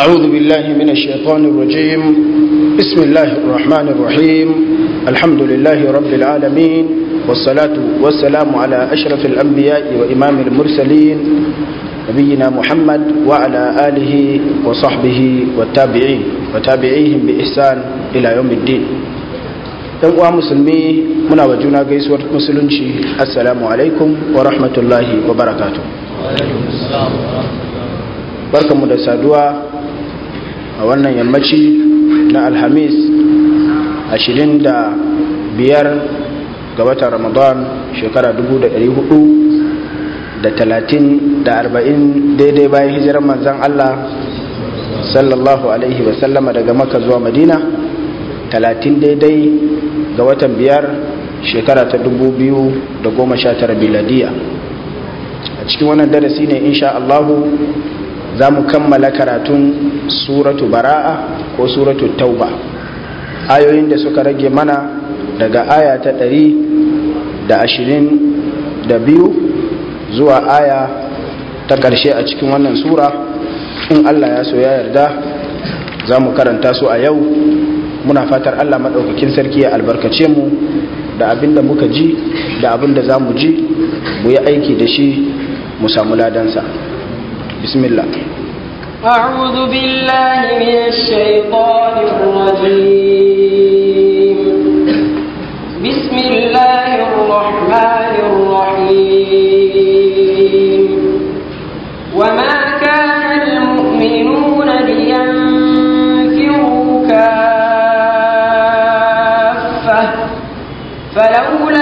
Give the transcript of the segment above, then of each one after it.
أعوذ بالله من الشيطان الرجيم بسم الله الرحمن الرحيم الحمد لله رب العالمين والصلاة والسلام على أشرف الأنبياء وإمام المرسلين نبينا محمد وعلى آله وصحبه والتابعين وتابعيهم بإحسان إلى يوم الدين ɗan uwa musulmi muna wa juna gaisuwar musulunci assalamu alaikum wa rahmatullahi wa barakatu barkanmu da saduwa a wannan yammaci na alhamis 25 ga watan ramadan shekara 400 da da 40 daidai bayan hijirar manzan Allah sallallahu alaihi wasallama daga maka zuwa madina 30 daidai ga watan biyar shekara ta 2019 biladiya a cikin wannan darasi ne insha Allahu za mu kammala karatun suratu bara'a ko suratu tauba ayoyin da suka rage mana daga aya ta ɗari da ashirin da biyu zuwa aya ta ƙarshe a cikin wannan sura in allah ya so ya yarda za mu karanta su a yau muna fatar allah maɗaukakin sarki ya albarkace mu da abin da muka ji da abin da za mu ji mu yi aiki da shi mu samu ladansa بسم الله أعوذ بالله من الشيطان الرجيم بسم الله الرحمن الرحيم وما كان المؤمنون لينفروا كافة فلولا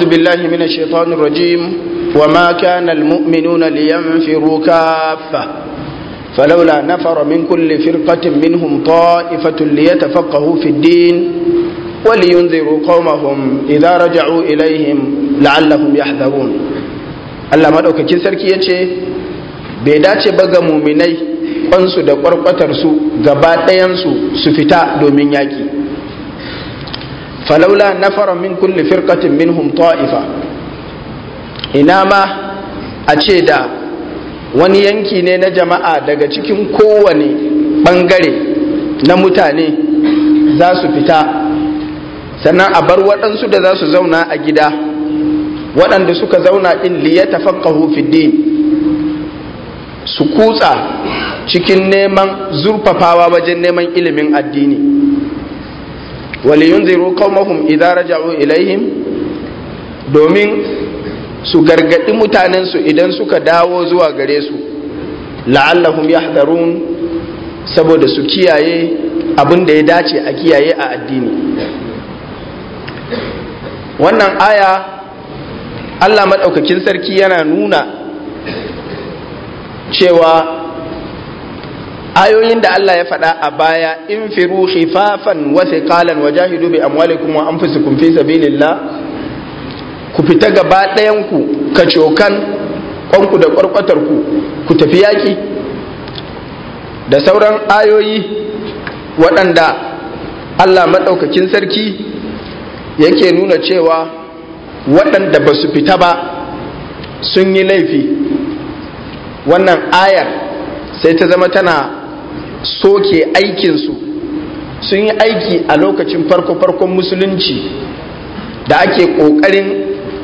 أعوذ بالله من الشيطان الرجيم وما كان المؤمنون لينفروا كافة فلولا نفر من كل فرقة منهم طائفة ليتفقهوا في الدين ولينذروا قومهم إذا رجعوا إليهم لعلهم يحذرون Allah maɗaukakin sarki ya ce bai dace ba ga muminai kwansu da kwarkwatarsu gaba ɗayansu su fita domin yaƙi falaula nafara min kulli firqatin minhum ta'ifa ina ma a ce da wani yanki ne na jama'a daga cikin kowane ɓangare na mutane za su fita sannan a bar waɗansu da za su zauna a gida waɗanda suka zauna ɗin liya tafakkahu fiddi su kutsa cikin neman zurfafawa wajen neman ilimin addini wali yunziru qaumahum idza raja'u ilaihim domin su gargadi mutanen su idan suka dawo zuwa gare su la'allahum yahdharun saboda su kiyaye abin da ya dace a kiyaye a addini wannan aya Allah maɗaukakin sarki yana nuna cewa ayoyin da Allah ya faɗa a baya in firu khifafan wa thiqalan wa jahidu bi amwalikum wa anfusikum fi sabilillah ku fita gaba ɗayan ku ka cokan kwanku da ƙwarƙwatar ku ku tafi yaƙi. da sauran ayoyi waɗanda Allah maɗaukakin sarki yake nuna cewa waɗanda ba su fita ba sun yi laifi wannan ayar sai ta zama tana soke su sun yi aiki a lokacin farko-farkon musulunci da ake ƙoƙarin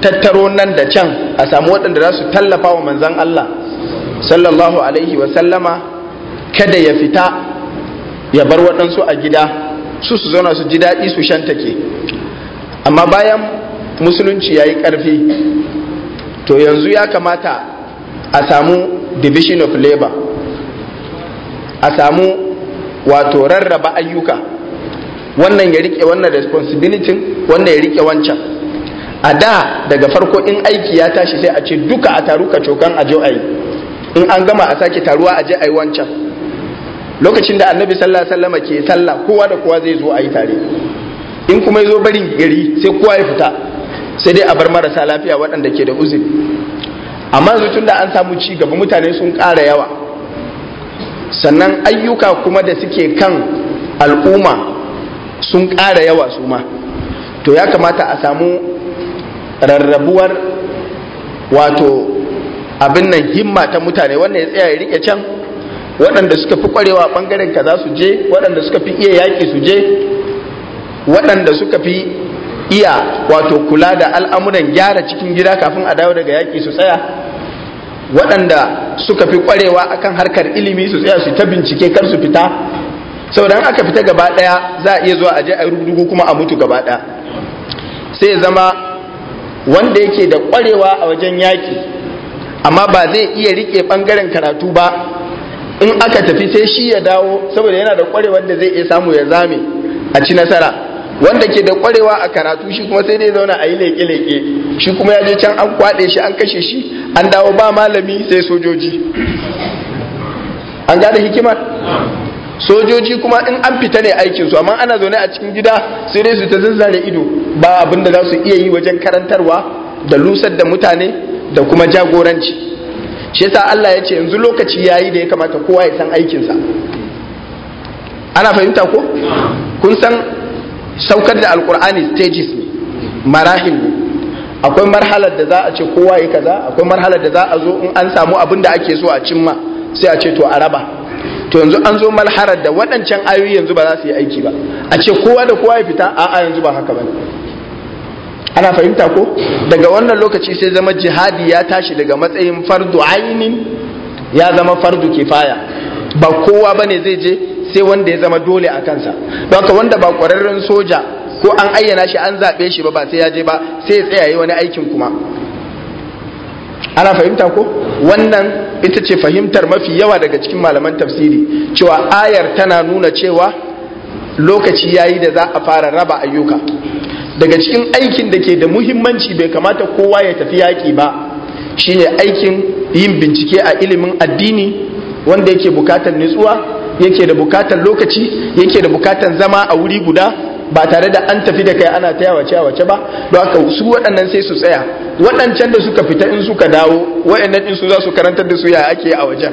tattaro nan da can a samu waɗanda za su tallafa wa manzan Allah sallallahu alaihi wasallama kada ya fita ya bar waɗansu a gida su su zauna su ji daɗi su shantake amma bayan musulunci ya yi ƙarfi to yanzu ya kamata a samu division of labor a samu wato rarraba ayyuka wannan ya rike wannan responsibility wannan ya rike wancan a da daga farko in aiki ya tashi sai a ce duka a taru ka cokan a je ayi in an gama a sake taruwa a je ayi wancan lokacin da annabi sallallahu alaihi wasallam ke sallah kowa da kowa zai zo ayi tare in kuma yazo barin gari sai kowa ya fita sai dai a bar marasa lafiya waɗanda ke da uzuri amma yanzu tun da an samu ci gaba mutane sun ƙara yawa sannan ayyuka kuma da suke kan al'umma sun ƙara yawa su ma to ya kamata a samu rarrabuwar wato abin nan himma ta mutane wannan ya tsaya ya rike can waɗanda suka fi ƙwarewa ɓangaren za su je waɗanda suka fi iya yaƙi su je waɗanda suka fi iya wato kula da al'amuran gyara cikin gida kafin a dawo daga yaƙi su tsaya waɗanda suka fi ƙwarewa akan harkar ilimi su tsaya su ta bincike kar su fita sau da aka fita gaba ɗaya za a iya zuwa a je a rubutu kuma a mutu gaba ɗaya sai zama wanda yake da ƙwarewa a wajen yaƙi amma ba zai iya riƙe ɓangaren karatu ba in aka tafi sai shi ya dawo saboda yana da ƙwarewar da zai iya samu ya zame a ci nasara wanda ke da kwarewa a karatu shi kuma sai dai zauna a yi leke-leke shi kuma ya je can an kwaɗe shi an kashe shi an dawo ba malami sai sojoji an gane hikimar sojoji kuma in an fita ne aikinsu amma ana zaune a cikin gida sai dai su ta zazzare ido ba abin da za su iya yi wajen karantarwa da lusar da mutane da kuma jagoranci shi yasa Allah ya ce yanzu lokaci ya yi da ya kamata kowa ya san aikinsa ana fahimta ko kun san saukar da alkur'ani stages ne marahil ne akwai marhalar da za a ce kowa yi kaza akwai marhalar da za a zo in an samu abin da ake so a cimma sai a ce to a raba to yanzu an zo marhalar da waɗancan ayoyi yanzu ba za su yi aiki ba a ce kowa da kowa ya fita a'a yanzu ba haka ba ana fahimta ko daga wannan lokaci sai zama jihadi ya tashi daga matsayin fardu ainin ya zama fardu kifaya ba kowa ba ne zai je sai wanda ya zama dole a kansa don haka wanda ba kwararren soja ko an ayyana shi an zaɓe shi ba ba sai ya je ba sai ya tsaya yi wani aikin kuma ana fahimta ko wannan ita ce fahimtar mafi yawa daga cikin malaman tafsiri cewa ayar tana nuna cewa lokaci yayi da za a fara raba ayyuka daga cikin aikin da ke da muhimmanci bai kamata kowa ya tafi yaƙi ba shine aikin yin bincike a ilimin addini wanda yake bukatar nutsuwa yake da bukatan lokaci yake da bukatan zama a wuri guda ba tare da an tafi da kai ana ta yawace yawace ba don haka su waɗannan sai su tsaya waɗancan da suka fita in suka dawo waɗannan in su za su karantar da su ya ake a wajen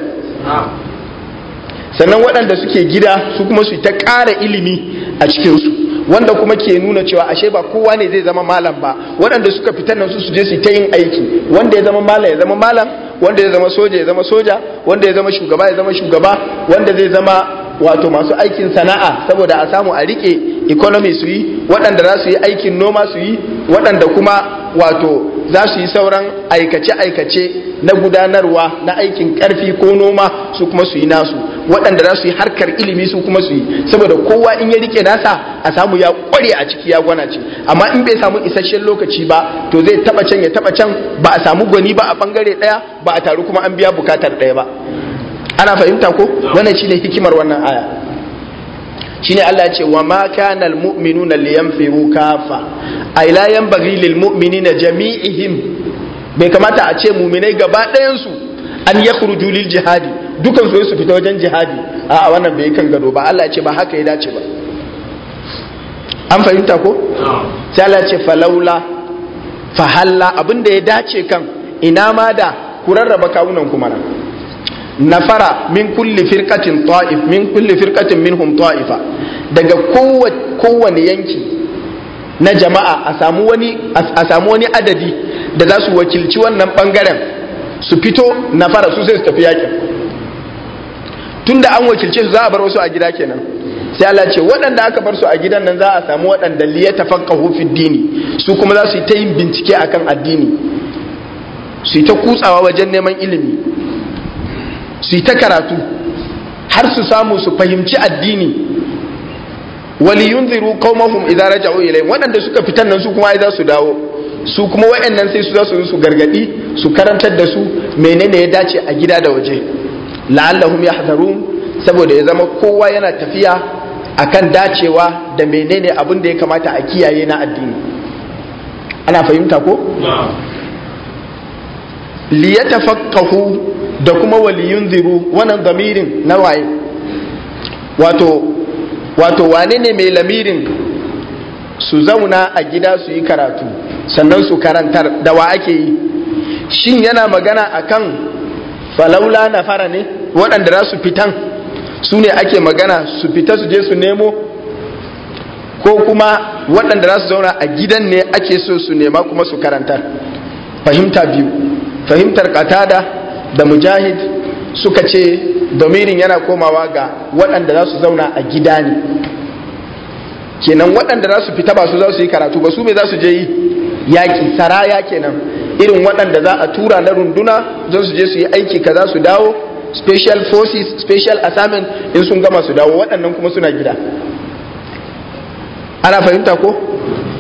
sannan waɗanda suke gida su kuma su ta ƙara ilimi a cikinsu wanda kuma ke nuna cewa ashe ba kowa ne zai zama malam ba waɗanda suka fita nan su su je su ta yin aiki wanda ya zama malam ya zama malam wanda ya zama soja ya zama soja wanda ya zama shugaba ya zama shugaba wanda zai zama wato masu aikin sana'a saboda a samu a riƙe economy su yi waɗanda za su yi aikin noma su yi waɗanda kuma wato za su yi sauran aikace-aikace na gudanarwa na aikin karfi ko noma su kuma su yi nasu waɗanda za su yi harkar ilimi su kuma su yi saboda kowa in ya rike nasa a samu ya ƙware a ciki ya gwana ce amma in bai samu isasshen lokaci ba to zai taba can ya taba can ba a samu gwani ba a ɓangare ɗaya ba a taru kuma an biya bukatar ɗaya ba ana fahimta ko wannan shine hikimar wannan aya shine Allah ya ce wa ma kana almu'minuna liyanfiru kafa ay la yanbaghi na jami'ihim bai kamata a ce mu'minai gaba ɗayan su an yakhruju lil jihadi dukan su su fita wajen jihadi a wannan bai kan gado ba Allah ya ce ba haka ya dace ba an fahimta ko sai Allah ya ce falaula fahalla abinda ya dace kan ina ma da ku rarraba kawunan kuma nafara min kulli firqatin ta'if min kulli firqatin minhum ta'ifa daga kowane yanki na jama'a a samu wani a samu wani adadi da za su wakilci wannan bangaren su fito nafara su sai su tafi yakin tunda an wakilce su za a bar wasu a gida kenan sai Allah ce waɗanda aka bar su a gidan nan za a samu waɗanda liya tafaqahu fi dini su kuma za su yi ta yin bincike akan addini su yi ta kutsawa wajen neman ilimi su yi ta karatu har su samu su fahimci addini wali ziru qaumahum idza raja'u ilayhim waɗanda suka fitan nan su kuma ai za su dawo su kuma waɗannan sai su za su su gargadi su karantar da su menene ya dace a gida da waje la'allahum hazaru saboda ya zama kowa yana tafiya akan dacewa da menene abin da ya kamata a kiyaye na addini ana fahimta ko liyatafaqahu da kuma waliyunziru wannan gamirin na waye wato wato wane ne mai lamirin su zauna a gida su yi karatu sannan su karantar da wa ake yi shin yana magana akan falaula na fara ne waɗanda za su fitan su ne ake magana su fita su je su nemo ko kuma waɗanda za su zauna a gidan ne ake so su nema kuma su karantar fahimta biyu fahimtar katada da mujahid suka ce domirin yana komawa ga waɗanda za su zauna a gida ne kenan waɗanda za su fita ba su za su yi karatu ba su me za su je yi yaƙi saraya kenan irin waɗanda za a tura na runduna za su je su yi aiki kaza su dawo special forces special assignment in sun gama su dawo waɗannan kuma suna gida ana fahimta ko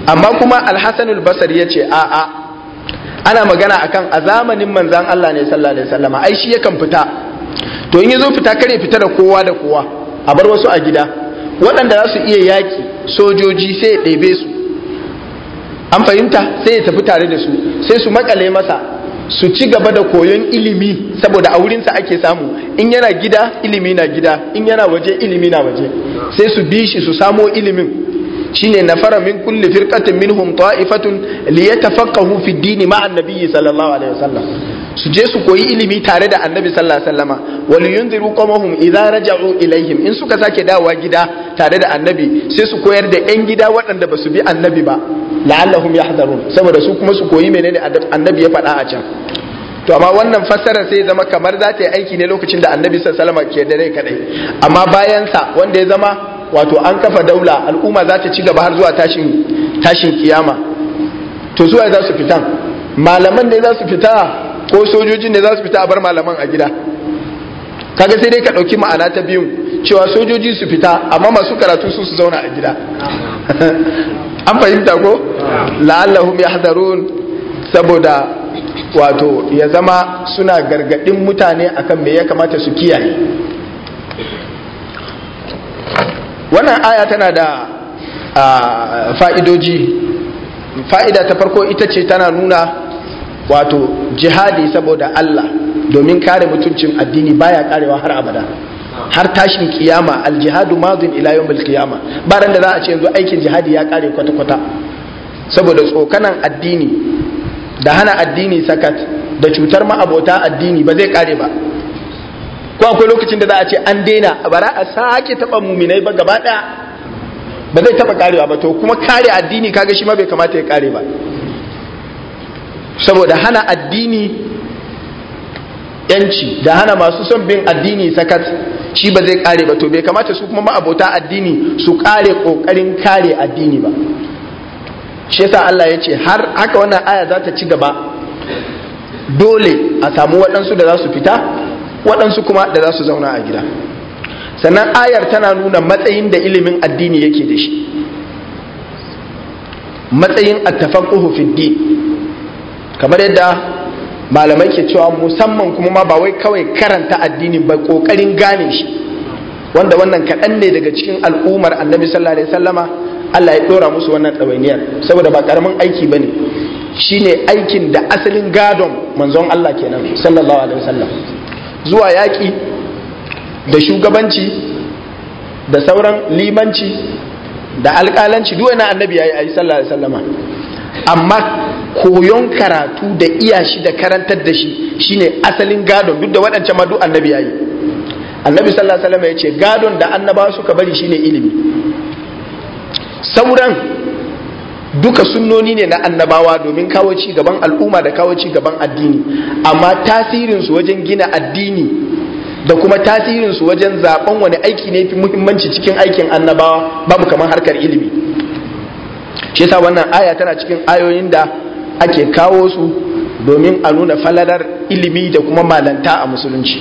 amma kuma alhassanul basar ya ce a'a ana magana akan a zamanin manzan Allah ne sallallahu alaihi wasallam ai shi yakan fita to in yazo fita kare fita da kowa da kowa a bar wasu a gida waɗanda za su iya yaki sojoji sai ya ɗebe su an fahimta sai ya tafi tare da su sai su makale masa su ci gaba da koyon ilimi saboda a wurinsa ake samu in yana gida ilimi na gida in yana waje ilimi na waje sai su bi shi su samo ilimin shine fara min kulli firqatin minhum ta'ifatun liyatafaqahu fi dini ma'a annabi sallallahu alaihi wasallam su je su koyi ilimi tare da annabi sallallahu alaihi wasallama wal yunziru qawmahum idza raja'u ilaihim in suka sake dawowa gida tare da annabi sai su koyar da yan gida waɗanda ba su bi annabi ba la'allahum yahdharun saboda su kuma su koyi menene annabi ya faɗa a can to amma wannan fassarar sai zama kamar za ta yi aiki ne lokacin da annabi sallallahu alaihi wasallama ke da rai kadai amma bayan sa wanda ya zama wato an kafa daula al'umma za ta ci gaba har zuwa tashin tashin kiyama to zuwa za su fita malaman ne za su fita ko sojojin ne za su fita a bar malaman a gida kaga sai dai ka ɗauki ma'ana ta biyun cewa sojoji su fita amma masu karatu su su zauna a gida an fahimta ko la'allahum yahdarun saboda wato ya zama suna gargadin mutane akan me ya kamata su kiyaye wannan aya tana da fa'idoji fa'ida ta farko ita ce tana nuna wato jihadi saboda Allah domin kare mutuncin addini baya karewa har abada har tashin kiyama aljihadu mazin ila bilkiyama. ba da za a ce yanzu aikin jihadi ya kare kwata kwata saboda tsokanan addini da hana addini sakat da cutar ma'abota addini ba zai kare ba ko akwai lokacin da za a ce an daina ba za a sake taba muminai ba gaba daya ba zai taba karewa ba to kuma kare addini kaga shi ma bai kamata ya kare ba saboda hana addini yanci da hana masu son bin addini sakat shi ba zai kare ba to bai kamata su kuma ma'abota addini su kare kokarin kare addini ba shi yasa Allah ya ce har haka wannan aya za ta ci gaba dole a samu waɗansu da za su fita waɗansu kuma da za su zauna a gida sannan ayar tana nuna matsayin da ilimin addini yake da shi matsayin attafaquhu fi fiddi, kamar yadda malamai ke cewa musamman kuma ma ba wai kawai karanta addini ba ƙoƙarin gane shi wanda wannan kaɗan ne daga cikin al'ummar annabi sallallahu alaihi Allah ya ɗora musu wannan tsawainiyar saboda ba karamin aiki bane shine aikin da asalin gadon manzon Allah kenan sallallahu alaihi wasallam zuwa yaƙi da shugabanci da sauran limanci da alƙalanci duk wani annabi ya yi sallallahu alaihi wasallama amma koyon karatu da iya shi da karantar da shi shine asalin gadon duk da waɗancan ma duk annabi ya yi annabi sallallahu alaihi wasallama ya ce gadon da annaba suka bari shine ilimi sauran duka sunnoni ne na annabawa domin kawo ci gaban al'umma da kawo ci gaban addini amma tasirinsu wajen gina addini da kuma tasirinsu wajen zaben wani aiki ne fi muhimmanci cikin aikin annabawa babu kamar harkar ilimi shi yasa wannan aya tana cikin ayoyin da ake kawo su domin a nuna falalar ilimi da kuma malanta a musulunci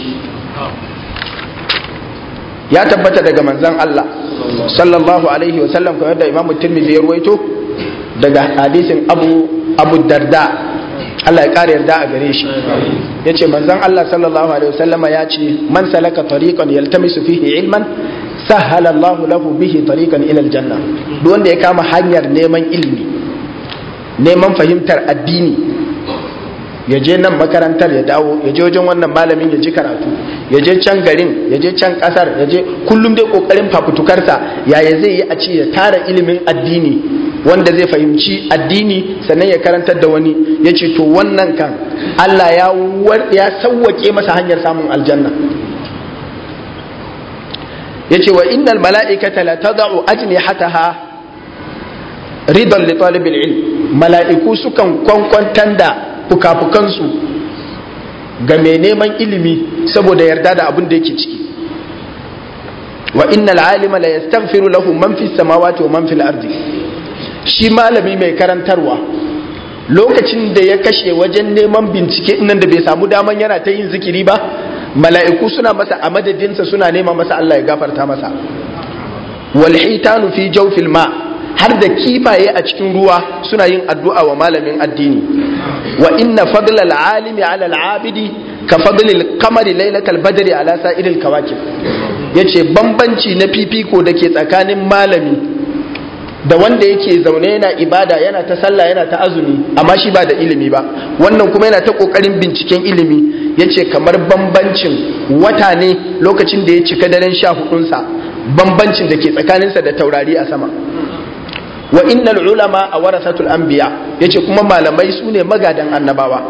ya tabbata daga manzan Allah sallallahu alaihi wa sallam kamar da Imam Tirmidhi ya ruwaito daga hadisin abu abu darda Allah ya ƙara yarda a gare shi yace manzon Allah sallallahu alaihi wasallama ya ce man salaka tariqan yaltamisu fihi ilman sahala Allah lahu bihi tariqan ila aljanna duk wanda ya kama hanyar neman ilimi neman fahimtar addini ya je nan makarantar ya dawo ya je wajen wannan malamin ya ji karatu ya je can garin ya je can kasar ya je kullum dai kokarin fafutukarsa yaya zai yi a ce ya tara ilimin addini wanda zai fahimci addini sannan ya karantar da wani ya ce to wannan kan Allah ya ya sawwake masa hanyar samun aljanna ya ce wa innal mala'ikata la tada'u ha ridan li talibil ilm mala'iku sukan kwankwantar da fukafukansu ga mai neman ilimi saboda yarda da abin da yake ciki wa innal alima la yastaghfiru lahu man fis samawati wa man fil ardi shi malami mai karantarwa lokacin da ya kashe wajen neman bincike nan da bai samu daman yana ta yin zikiri ba mala'iku suna masa a madadinsa suna nema masa Allah ya gafarta masa walhitanu fi jawfil ma har da kifaye a cikin ruwa suna yin addu'a wa malamin addini wa inna fadlal alimi ala al'abidi ka fadlil qamari lailatal badri ala sa'iril kawakib yace bambanci na fifiko dake tsakanin malami da wanda yake zaune yana ibada yana ta sallah yana ta azumi amma shi ba da ilimi ba wannan kuma yana ta kokarin binciken ilimi yace kamar bambancin wata ne lokacin da ya cika daren sha hudunsa bambancin da ke tsakaninsa da taurari a sama wa innal ulama a warasatul anbiya yace kuma malamai su ne magadan annabawa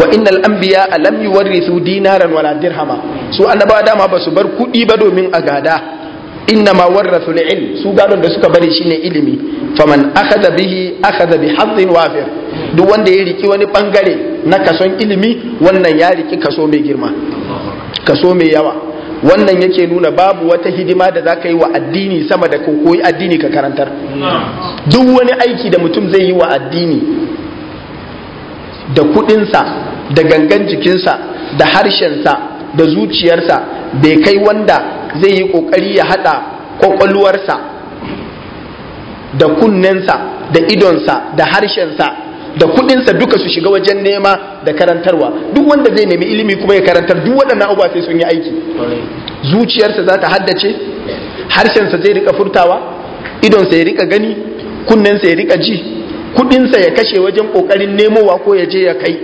wa innal anbiya alam yuwarrisu dinaran wala dirhama su annabawa dama ba su bar kudi ba domin a gada inna ma warrathu ilm su gadon da suka bari shine ilimi faman akhadha bihi akhadha bi hazzin wafir duk wanda ya riki wani bangare na kason ilimi wannan ya riki kaso mai girma kaso mai yawa wannan yake nuna babu wata hidima da za ka yi wa addini sama da koyi addini ka karantar duk wani aiki da mutum zai yi wa addini da kuɗinsa, da gangan jikinsa da harshensa da zuciyarsa bai kai wanda zai yi kokari ya hada kwakwalwarsa da kunnensa da idonsa da harshensa da kudinsa duka su shiga wajen nema da karantarwa duk wanda zai nemi ilimi kuma ya karantar duk waɗannan abubuwa sai sun yi aiki zuciyarsa za ta haddace harshensa zai rika furtawa idonsa ya rika gani kunnensa ya rika ji kudinsa ya kashe wajen kokarin nemowa ko ya je ya kai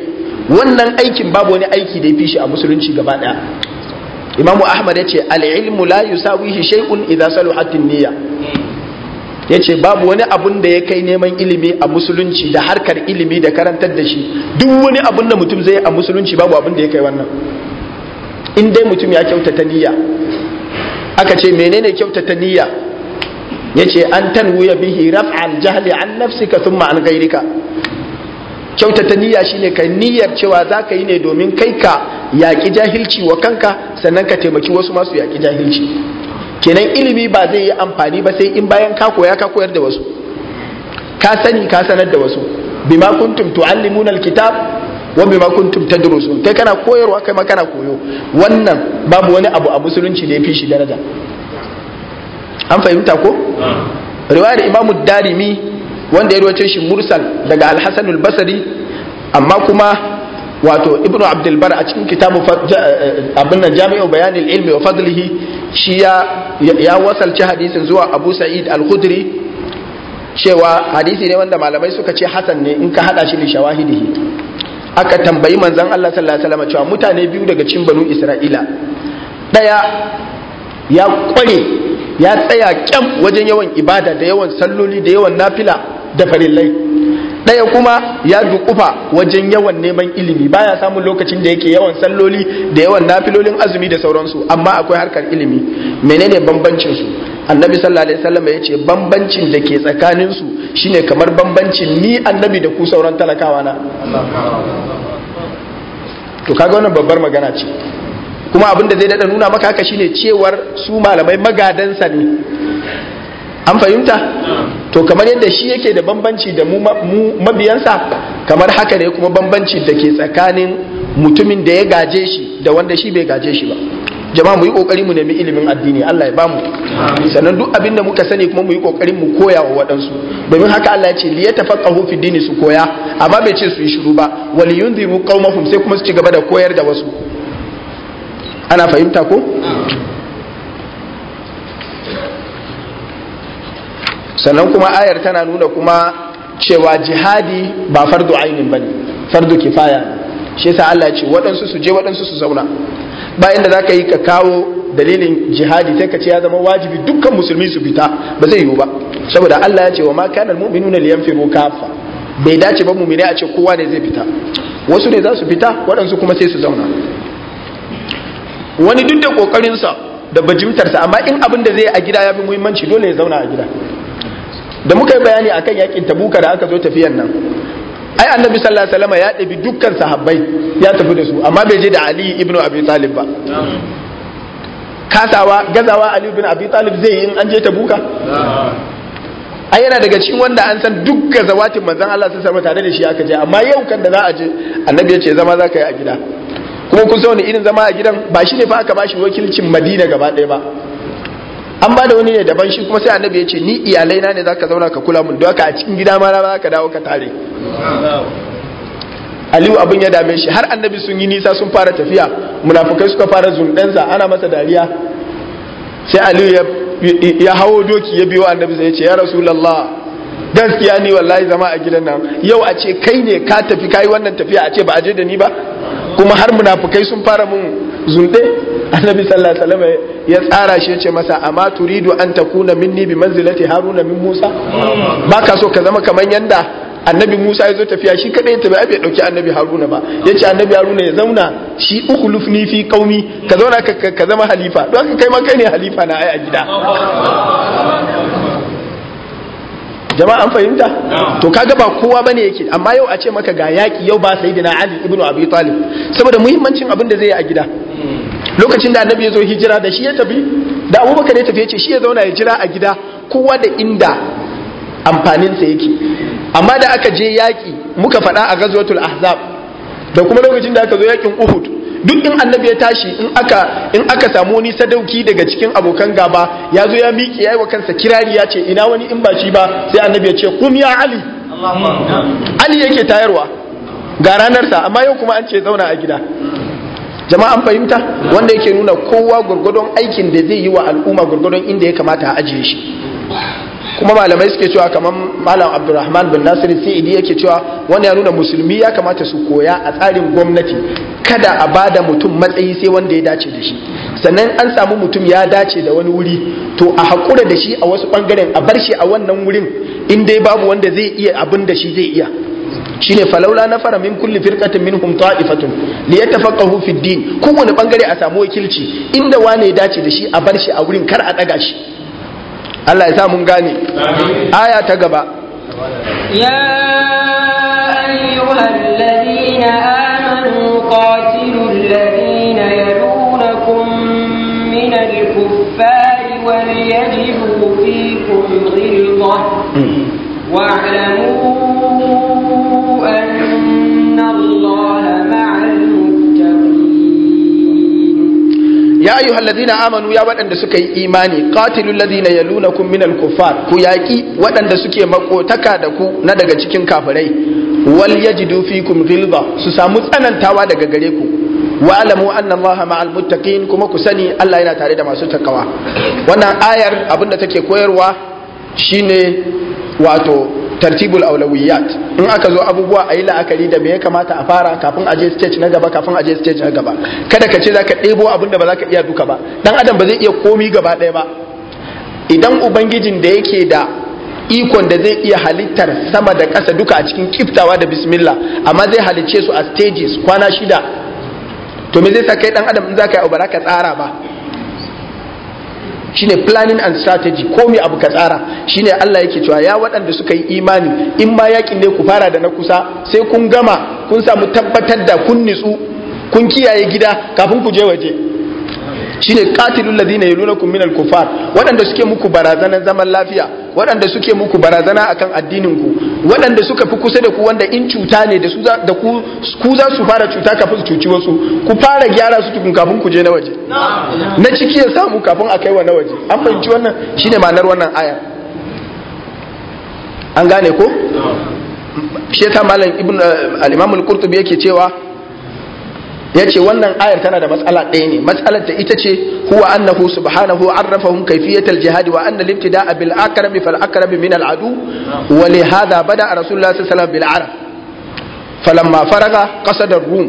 wannan aikin babu wani aiki da ya fi shi a musulunci gaba daya Imam'u ahmad ya ce al-ilmu la yusawihi idan idza saluhat niyya yace babu wani abun da ya kai neman ilimi a musulunci da harkar ilimi da karantar da shi duk wani abun da mutum zai a musulunci babu abun da ya kai wannan in dai mutum ya kyautata niyya aka ce menene kyautata niyya yace an tanwuya bihi raf'al jahli an nafsika thumma an ghayrika kyautata niyya shine kai niyyar cewa za ka yi ne domin kai ka yaƙi jahilci wa kanka sannan ka taimaki wasu masu yaƙi jahilci kenan ilimi ba zai yi amfani ba sai in bayan ka koya ka koyar da wasu ka sani ka sanar da wasu bima kuntum tuallimuna alkitab wa bima kuntum tadrusun kai kana koyarwa kai ma kana koyo wannan babu wani abu a musulunci da ya fi shi daraja an fahimta ko riwayar imamu darimi wanda ya rawaito shi mursal daga al-hasan al-basri amma kuma wato ibnu abdul bar a cikin kitabu eh, abin nan jami'u bayan ilmi wa fadlihi shi ya ya wasalci hadisin zuwa abu sa'id al-khudri cewa hadisi ne wanda malamai suka ce hasan ne in ka hada shi da shawahidihi aka tambayi manzon Allah sallallahu alaihi wasallam cewa mutane biyu daga cikin banu isra'ila daya ya kware ya tsaya kyam wajen yawan ibada da yawan salloli da yawan nafila da farillai ɗaya kuma ya dukufa wajen yawan neman ilimi baya samun lokacin da yake yawan salloli da yawan nafilolin azumi da sauransu amma akwai harkar ilimi menene bambancin su annabi sallallahu alaihi wasallam ya ce bambancin da ke tsakanin su shine kamar bambancin ni annabi da ku sauran talakawa na to kaga wannan babbar magana ce kuma abin da zai dada nuna maka haka shine cewar su malamai magadan sani. an fahimta to kamar yadda shi yake da bambanci da mu mabiyansa kamar haka ne kuma bambanci da ke tsakanin mutumin da ya gaje shi da wanda shi bai gaje shi ba jama'a mu yi kokari mu nemi ilimin addini Allah ya bamu sannan duk abin da muka sani kuma mu yi kokarin mu koya wa waɗansu domin haka Allah ya ce li yatafaqahu fi dini su koya amma bai ce su yi shiru ba wal yunziru qaumahum sai kuma su ci gaba da koyar da wasu ana fahimta ko sannan kuma ayar tana nuna kuma cewa jihadi ba fardu ba ne, fardu kifaya shi yasa Allah ce waɗansu su je waɗansu su zauna Bayan da za ka yi ka kawo dalilin jihadi sai ka ce ya zama wajibi dukkan musulmi su fita ba zai yiwu ba saboda Allah ya ce wa ma kana liyan liyanfiru kafa bai dace ba mu'mini a ce kowa ne zai fita wasu ne za su fita waɗansu kuma sai su zauna wani duk da ƙoƙarinsa da bajimtarsa amma in abin da zai a gida ya fi muhimmanci dole ya zauna a gida da muka yi bayani akan yakin tabuka da aka zo tafiyan nan ai annabi sallallahu alaihi wasallam ya ɗabi dukkan sahabbai ya tafi da su amma bai je da ali ibnu abi talib ba kasawa gazawa ali ibn abi talib zai yi in an je tabuka ai yana daga cikin wanda an san duk gazawatin manzon Allah sallallahu alaihi wasallam tare da shi aka je amma yau kan da za a je annabi ya ce zama za ka yi a gida kuma kun san irin zama a gidan ba shi ne fa aka bashi wakilcin madina gaba ɗaya ba an ba da wani ne daban shi kuma sai annabi ya ce ni iyalai na ne za ka zauna ka kula mun don a cikin gida ma za ka dawo ka tare Aliyu abin ya dame shi har annabi sun yi nisa sun fara tafiya munafukai suka fara zundansa ana masa dariya sai Aliyu ya hawo doki ya biyo annabi sai ya ce ya rasulullah gaskiya ni wallahi zama a gidan nan yau a ce kai ne ka tafi kai wannan tafiya a ce ba a je da ni ba kuma har munafukai sun fara mun zunde annabi sallallahu alaihi wasallam ya tsara shi yace masa amma turidu an takuna minni bi manzilati haruna min musa baka so ka zama kaman yanda annabi musa ya zo tafiya shi kadai tabi bai dauki annabi haruna ba yace annabi haruna ya zauna shi ukhlufni fi qaumi ka zauna ka zama halifa don haka kai ma kai ne halifa na ai a gida jama'a an fahimta to kaga ba kowa bane yake amma yau a ce maka ga yaki yau ba sayyidina ali ibn abi talib saboda muhimmancin abin da zai yi a gida hmm. lokacin da annabi ya zo hijira da shi ya tafi da abubakar ya tafi ya ce shi ya zauna ya jira a gida kowa da inda amfaninsa yake hmm. amma da aka je yaki muka faɗa a ghazwatul ahzab da kuma lokacin da aka zo yakin uhud duk in annabi ya tashi in aka in aka samu wani sadauki daga cikin abokan gaba ya zo ya miƙe yayi wa kansa kirari ya ce ina wani in ba shi ba sai annabi ya ce kum ya ali ali yake tayarwa ga ranar sa amma yau kuma an ce zauna a gida jama'an fahimta wanda yake nuna kowa gurgudun aikin da zai yi wa al'umma gurgudun inda ya kamata a ajiye shi kuma malamai suke cewa kamar malam abdurrahman bin nasir sa'idi yake cewa wani ya nuna musulmi ya kamata su koya a tsarin gwamnati kada a ba da mutum matsayi sai wanda ya dace da shi sannan an samu mutum ya dace da wani wuri to a haƙura da shi a wasu ɓangaren a bar shi a wannan wurin in dai babu wanda zai iya abin da shi zai iya shine falaula na fara min kulli firqatin minhum ta'ifatun li yatafaqahu hufin din kowane bangare a samu wakilci inda wane ya dace da shi a bar shi a wurin kar a ɗaga shi Allah ya sa mun gane aya ta gaba ya ayyuhal ladina amanu qatilul ladina yalunakum min al-kuffari wal yajibu fikum ghilzah hmm. wa'lamu ya ayyuha amanu ya waɗanda suka yi imani lazina ladina kun minal kuffar ku yaƙi waɗanda suke makotaka da ku na daga cikin kafirai wal Dufi, Kum, Gilba su samu tsanantawa daga gare ku wa alamu anna allaha ma'al muttaƙin kuma ku sani Allah yana tare da masu takawa wannan ayar abinda take koyarwa shine wato tartibul aulawiyat in aka zo abubuwa a yi la'akari da me ya kamata a fara kafin aje stage na gaba kafin aje stage na gaba kada ka ce zaka ka ɗebo abin da ba za ka iya duka ba dan adam ba zai iya komi gaba ɗaya ba idan ubangijin da yake da ikon da zai iya halittar sama da kasa duka a cikin kiftawa da bismillah amma zai halicce su a stages kwana shida to me zai sa kai dan adam in za ka yi abu ba za tsara ba shine planning and strategy ko me abu ka tsara shine Allah yake cewa ya waɗanda suka yi imani in ma yakin ne ku fara da na kusa sai kun gama kun samu tabbatar da kun nitsu kun kiyaye gida kafin ku je waje shine qatilul ladina yalunakum minal kufar waɗanda suke muku barazanar zaman lafiya waɗanda suke muku barazana akan addinin ku waɗanda suka fi kusa da ku wanda in cuta ne da ku za su fara cuta kafin su cuci wasu ku fara gyara su tukun kafin ku je na waje na ciki ya samu kafin a kai wa na waje an fahimci wannan shine ma'anar wannan aya an gane ko shi ta malam ibn eh, al-imam qurtubi yake cewa ya ce wannan ayar tana da matsala ɗaya ne matsalar ta ita ce huwa annahu subhanahu arrafahum kayfiyatal jihad wa anna al-ibtida'a bil akrami fal akrami min al-adu wa li hadha bada rasulullah sallallahu alaihi wasallam bil arab falamma faraga qasada rum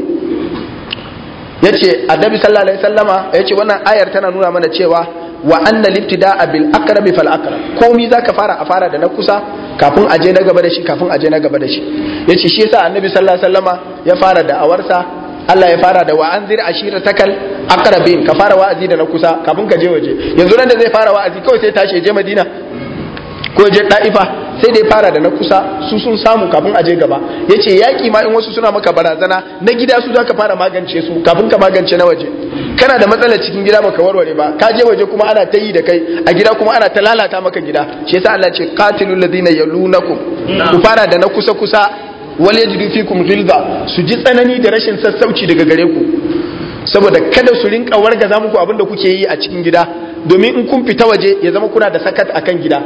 yace annabi sallallahu alaihi wasallama yace wannan ayar tana nuna mana cewa wa anna al-ibtida'a bil akrami fal akram komai zaka fara a fara da na kusa kafin aje na gaba da shi kafin aje na gaba da shi yace shi yasa annabi sallallahu alaihi wasallama ya fara da awarsa Allah ya fara da wa ashira takal aqrabin ka fara wa'azi da na kusa kafin ka je waje yanzu nan da zai fara wa'azi kawai sai tashi je Madina ko je Daifa sai dai fara da na kusa su sun samu kafin a je gaba yace yaki ma in wasu suna maka barazana na gida su zaka fara magance su kafin ka magance na waje kana da matsalar cikin gida baka warware ba ka je waje kuma ana tayi da kai a gida kuma ana ta lalata maka gida shi yasa Allah ce qatilul ladina yalunakum ku fara da na kusa kusa wal yajidu fikum ghilza su ji tsanani da rashin sassauci daga gare ku saboda kada su rinka wargaza muku abin da kuke yi a cikin gida domin in kun fita waje ya zama kuna da sakat akan gida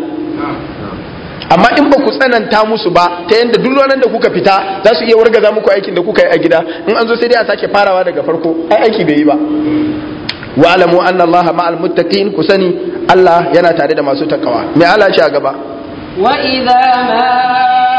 amma in ba ku tsananta musu ba ta yadda duk ranar da kuka fita za su iya wargaza muku aikin da kuka yi a gida in an zo sai dai a sake farawa daga farko ai aiki bai yi ba wa'lamu anna Allah ma'al muttaqin ku sani allah yana tare da masu takawa me Allah ce a gaba wa idza ma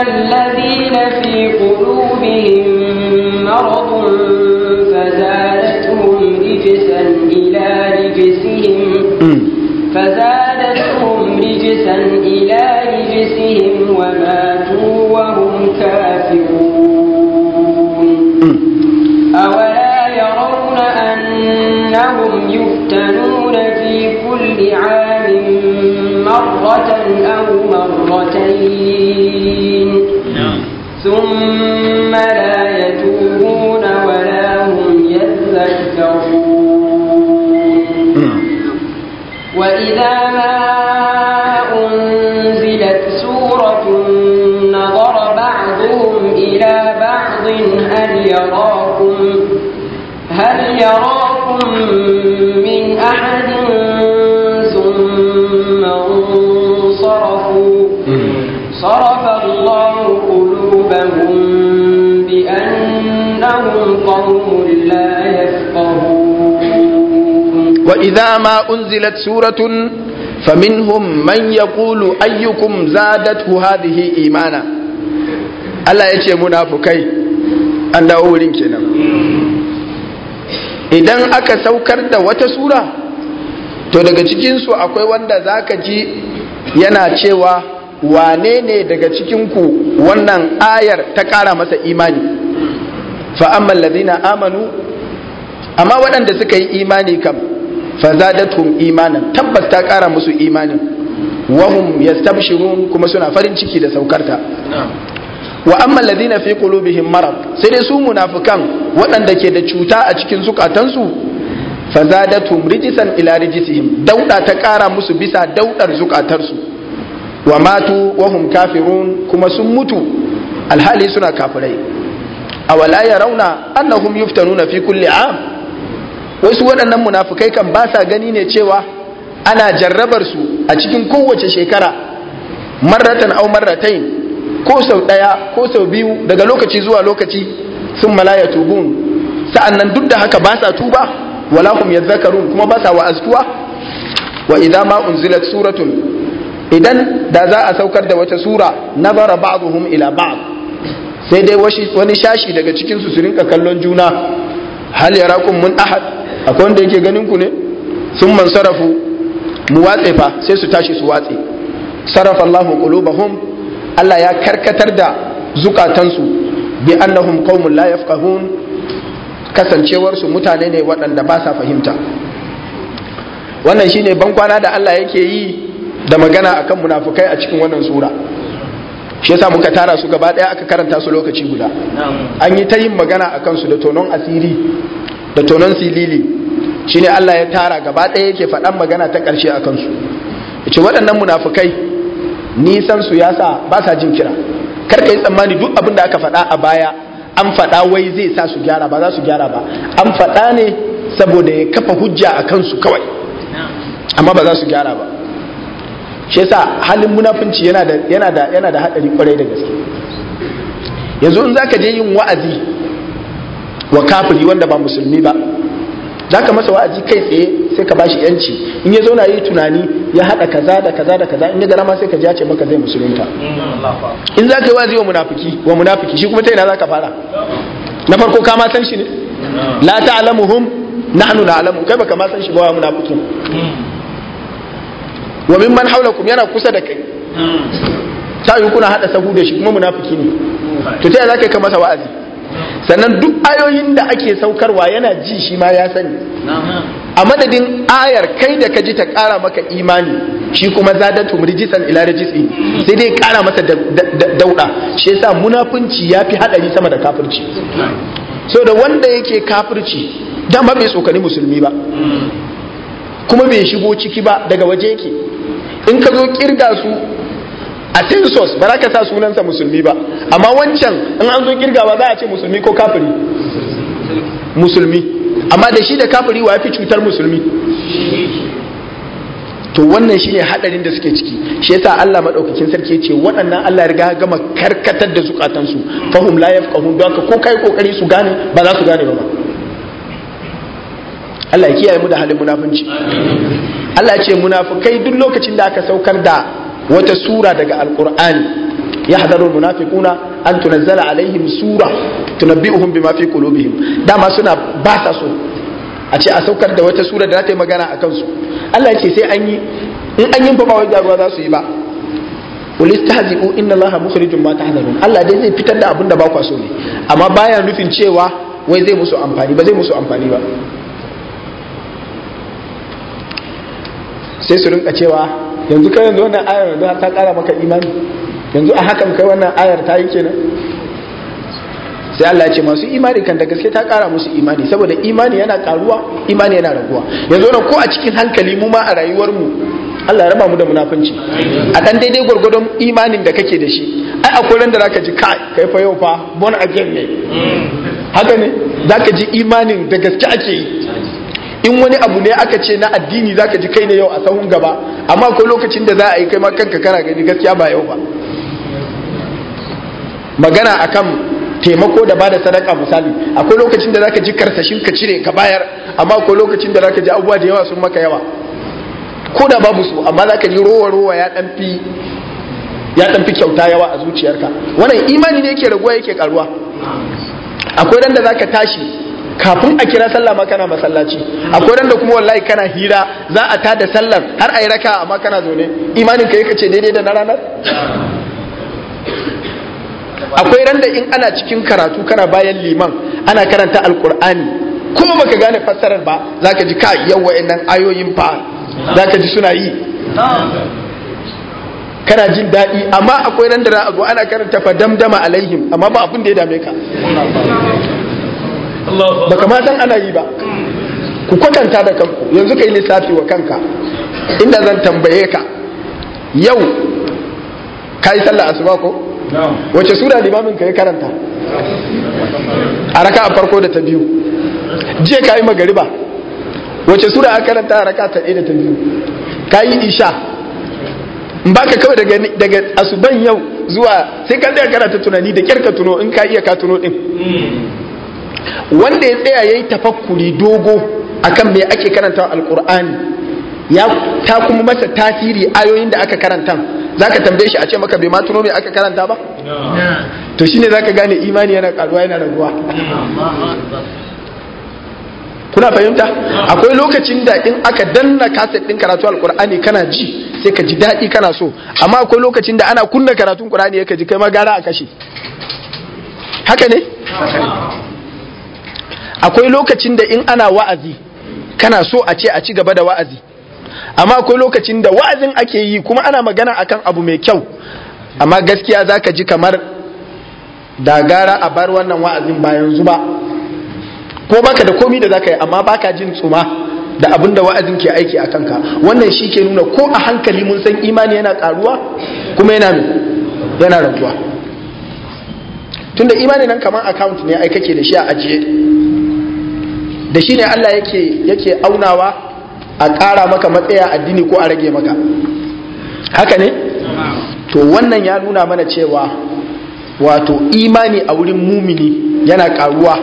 الذين في قلوبهم مرض فزادتهم رجسا إلى رجسهم فزادتهم رجسا إلى رجسهم وماتوا وهم كافرون أولا يرون أنهم يفتنون في كل عام مرة أو مرتين نعم. ثم لا يتوبون ولا هم يذكرون نعم. وإذا ما أنزلت سورة نظر بعضهم إلى بعض هل يراكم هل يراكم وإذا ما أنزلت سورة فمنهم من يقول أيكم زادته هذه إيمانا الله يتي منافقين أن أولين كنا idan aka saukar da wata sura to daga cikinsu akwai wanda za ka ji yana cewa wane ne daga cikinku wannan ayar ta kara masa imani fa'amman ladina amanu amma waɗanda suka yi imani kam fazadatum imanan tabbas ta kara musu imanin wahum yastabshirun kuma suna farin ciki da saukarta wa amma alladhina fi qulubihim marad sai dai su munafikan waɗanda ke da cuta a cikin zukatansu fazadatum rijisan ila rijisihim dauda ta kara musu bisa daudar zukatarsu wa matu wahum kafirun kuma sun mutu alhali suna kafirai awala yarawna annahum yuftanuna fi kulli am wasu waɗannan munafukai kan ba sa gani ne cewa ana jarrabar su a cikin kowace shekara marratan au marratain ko sau ɗaya ko sau biyu daga lokaci zuwa lokaci sun malaya tubun sa'an nan duk da haka ba sa tuba wala hum yadhakkarun kuma ba sa askuwa? wa idza ma unzilat suratun idan da za a saukar da wata sura nazara ba'dhum ila ba'd sai dai wani shashi daga cikin su su rinka kallon juna hal yarakum mun ahad akwai wanda yake ganin ku ne sun man sarafu mu watse fa sai su tashi su watse sarafa Allah qulubahum Allah ya karkatar da zukatansu bi annahum qaumun la yafqahun kasancewarsu mutane ne waɗanda ba sa fahimta wannan shine bankwana da Allah yake yi da magana akan munafukai a cikin wannan sura shi yasa ka tara su gaba daya aka karanta su lokaci guda an yi ta yin magana a kansu da tonon asiri da tonon silili shine Allah ya tara gaba daya yake faɗan magana ta ƙarshe a kansu ce waɗannan munafukai nisan su ya sa ba sa jin kira kar ka yi tsammani duk abin da aka faɗa a baya an faɗa wai zai sa su gyara ba za su gyara ba an faɗa ne saboda ya kafa hujja a kansu kawai amma ba za su gyara ba shi yasa halin munafunci yana da yana da yana da hadari kwarai da gaske yanzu in zaka je yin wa'azi wa kafiri wanda ba musulmi ba zaka masa wa'azi kai tsaye sai ka bashi yanci in ya zauna yi tunani ya hada kaza da kaza da kaza in ya gara ma sai ka ji ya ce maka zai musulunta in zaka yi wa'azi wa munafiki wa munafiki shi kuma ta ina zaka fara na farko ka ma san shi ne la ta'lamuhum nahnu na'lamu kai baka ma san shi ba wa munafikin wa haula haulakum yana kusa da kai ta yi kuna hada sahu da shi kuma munafiki ne to ta za ka kai masa wa'azi sannan duk ayoyin da ake saukarwa yana ji shi ma ya sani a madadin ayar kai da ka ji ta kara maka imani shi kuma tumur rijisan ila jisi sai dai kara masa dauɗa. shi yasa munafunci ya fi haɗari sama da kafirci so da wanda yake kafirci dama bai tsokani musulmi ba kuma bai shigo ciki ba daga waje yake in ka zo kirga su a tinsos ba za ka sa sunansa musulmi ba amma wancan in an zo kirgawa za a ce musulmi ko kafiri musulmi amma da shi da kafiri wa fi cutar musulmi to wannan shine hadarin da suke ciki shi yasa Allah madaukakin sarki ce waɗannan Allah ya riga gama karkatar da zukatansu fahum la yafqahun don ko kai kokari su gane ba za su gane ba Allah ya kiyaye mu da halin munafunci Allah ya ce munafukai duk lokacin da aka saukar da wata sura daga alkur'ani ya hadaru munafiquna an tunazzala alaihim sura tunabbi'uhum bima fi qulubihim dama suna ba sa so a ce a saukar da wata sura da za ta yi magana a kansu Allah ya ce sai an yi in an yi ba ba wai jaruwa za su yi ba ulistahzi'u inna allaha mukhrijum ma tahdharun Allah dai zai fitar da abin da ba kwa so ne amma baya nufin cewa wai zai musu amfani ba zai musu amfani ba sai su rinka cewa yanzu kai yanzu wannan ayar yanzu ta kara maka imani yanzu a hakan kai wannan ayar ta yi kenan sai Allah ya ce masu imani kan da gaske ta kara musu imani saboda imani yana karuwa imani yana raguwa yanzu nan ko a cikin hankali mu ma a rayuwar mu Allah ya raba mu da munafunci a dan daidai gwargwadon imanin da kake da shi ai akwai ran da zaka ji kai kai fa yau fa born again ne hmm. haka ne zaka ji imanin da gaske ake yi in wani abu ne aka ce na addini zaka ji kai ne yau a sahun gaba amma akwai lokacin da za a yi kai ma kanka kana gani gaskiya ba yau ba magana akan taimako da bada sadaka misali akwai lokacin da zaka ji karsashin ka cire ka bayar amma akwai lokacin da zaka ji abuwa da yawa sun maka yawa ko da babu su amma zaka ji rowa rowa ya dan fi ya dan fi kyauta yawa a zuciyarka wannan imani ne yake raguwa yake karuwa akwai dan da zaka tashi kafin a kira sallah ma kana masallaci akwai randa kuma wallahi kana hira za a tada sallar har a yi raka amma kana zaune imanin ka kace daidai da na ranar akwai randa in ana cikin karatu kana bayan liman ana karanta alkur'ani kuma baka gane fassarar ba zaka ji kai yau wa'annan ayoyin fa zaka ji suna yi kana jin daɗi amma akwai randa za a zo ana karanta fa damdama alaihim amma ba abin da ya dame ka ba kama san ana yi ba ku kwatanta da kanku yanzu ka yi lissafi wa kanka inda zan tambaye ka yau ka yi sallah asuba ko wace sura limamin ka ya karanta a raka a farko da ta biyu jiya ka yi magariba wace sura a karanta a raka ta ɗaya da ta biyu ka yi isha baka kawai daga daga asuban yau zuwa sai ka tsaya karata tunani da kyar ka tuno in ka iya ka tuno din hmm. wanda ya tsaya ya yi tafakkuri dogo akan me ake karanta alkur'ani ya ta kuma masa tasiri ayoyin da aka karanta za ka tambaye shi a ce maka bai ma tuno aka karanta ba to shine ka gane imani yana karuwa yana raguwa kuna fahimta akwai lokacin da in aka danna kaset din karatu alkur'ani kana ji sai ka ji daɗi kana so amma akwai lokacin da ana kunna karatun kur'ani ya ka ji kai ma gara a kashe haka ne akwai lokacin da in ana wa'azi kana so a ce a ci gaba da wa'azi amma akwai lokacin da wa'azin ake yi kuma ana magana akan abu mai kyau amma gaskiya zaka ji kamar da gara a bar wannan wa'azin bayan zuba ko baka da komi da zaka yi amma baka jin tsuma da abin da wa'azin ke aiki a kanka wannan shi ke nuna ko a hankali mun san imani yana karuwa kuma yana yana rantsuwa? tunda imani nan kamar account ne ai kake da shi a ajiye da shi ne Allah yake aunawa a kara maka matsaya addini ko a rage maka haka ne to wannan ya nuna mana cewa wato imani a wurin mumini yana karuwa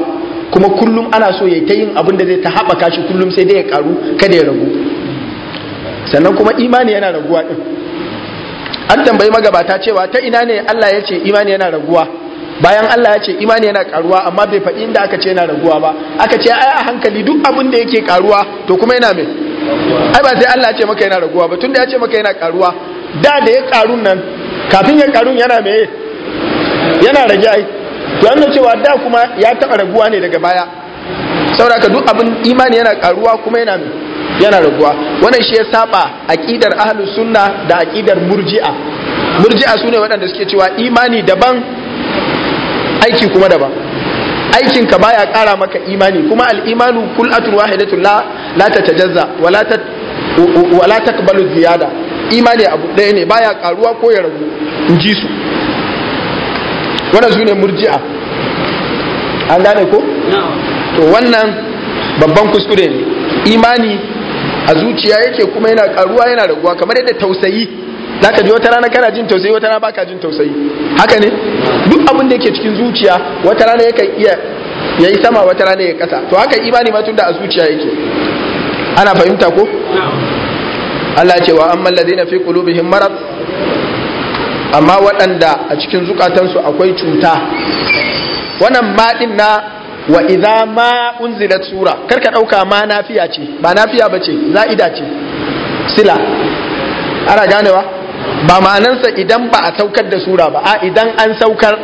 kuma kullum ana so ya ta yin abin da zai ta haɓaka shi kullum sai dai ya karu kada ya ragu sannan kuma imani yana raguwa ɗin an tambayi magabata cewa ta ina ne Allah ya ce imani yana raguwa bayan Allah ya ce imani yana karuwa amma bai faɗi inda aka ce yana raguwa ba aka ce ai a hankali duk abin da yake karuwa to kuma yana me ai ba sai Allah ya ce maka yana raguwa ba tunda ya ce maka yana karuwa da da ya karun nan kafin ya karun yana me yana rage ai to an cewa da kuma ya taɓa raguwa ne daga baya saboda duk abin imani yana karuwa kuma yana me yana raguwa wannan shi ya saba aqidar ahlus sunna da aqidar murji'a murji'a sune waɗanda suke cewa imani daban aiki kuma ba aikin ka baya ƙara maka imani kuma al-imanu kullatun wahidatun la la tatajazza wala ta wala takbalu ziyada imani abu ɗaya ne baya karuwa ko ya ragu in ji su wannan zune murji'a an gane ko to wannan babban kuskure ne imani a zuciya yake kuma yana karuwa yana raguwa kamar yadda tausayi za ka ji wata rana kana jin tausayi wata rana baka jin tausayi haka ne duk abin da yake cikin zuciya wata rana yake iya yayi sama wata rana ya kasa to haka imani ma tunda a zuciya yake ana fahimta ko Allah ce wa amma alladhina fi qulubihim marad amma waɗanda a cikin zukatansu akwai cuta wannan maɗin na wa idza ma unzilat sura karka ɗauka ma nafiya ce ba nafiya ba za'ida ce sila ana ganewa ba ma'anansa idan ba a saukar da sura ba a idan an saukar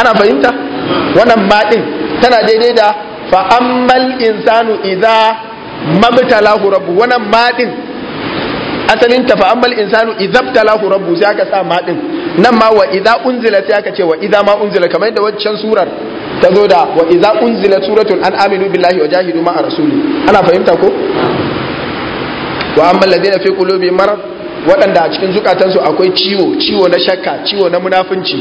ana fahimta wannan baɗin tana daidai da fa'ammal insanu idza mabtalahu rabbu wannan maɗin asalin ta fa'ammal insanu idza lahu rabbu sai aka sa maɗin nan ma wa idza unzila sai aka ce wa idza ma unzila kamar yadda waccan surar ta zo da wa idza unzila suratul an aminu billahi wa jahidu ma rasuli ana fahimta ko wa ammal ladina fi qulubi marad waɗanda a cikin zukatansu akwai ciwo ciwo na shakka ciwo na munafunci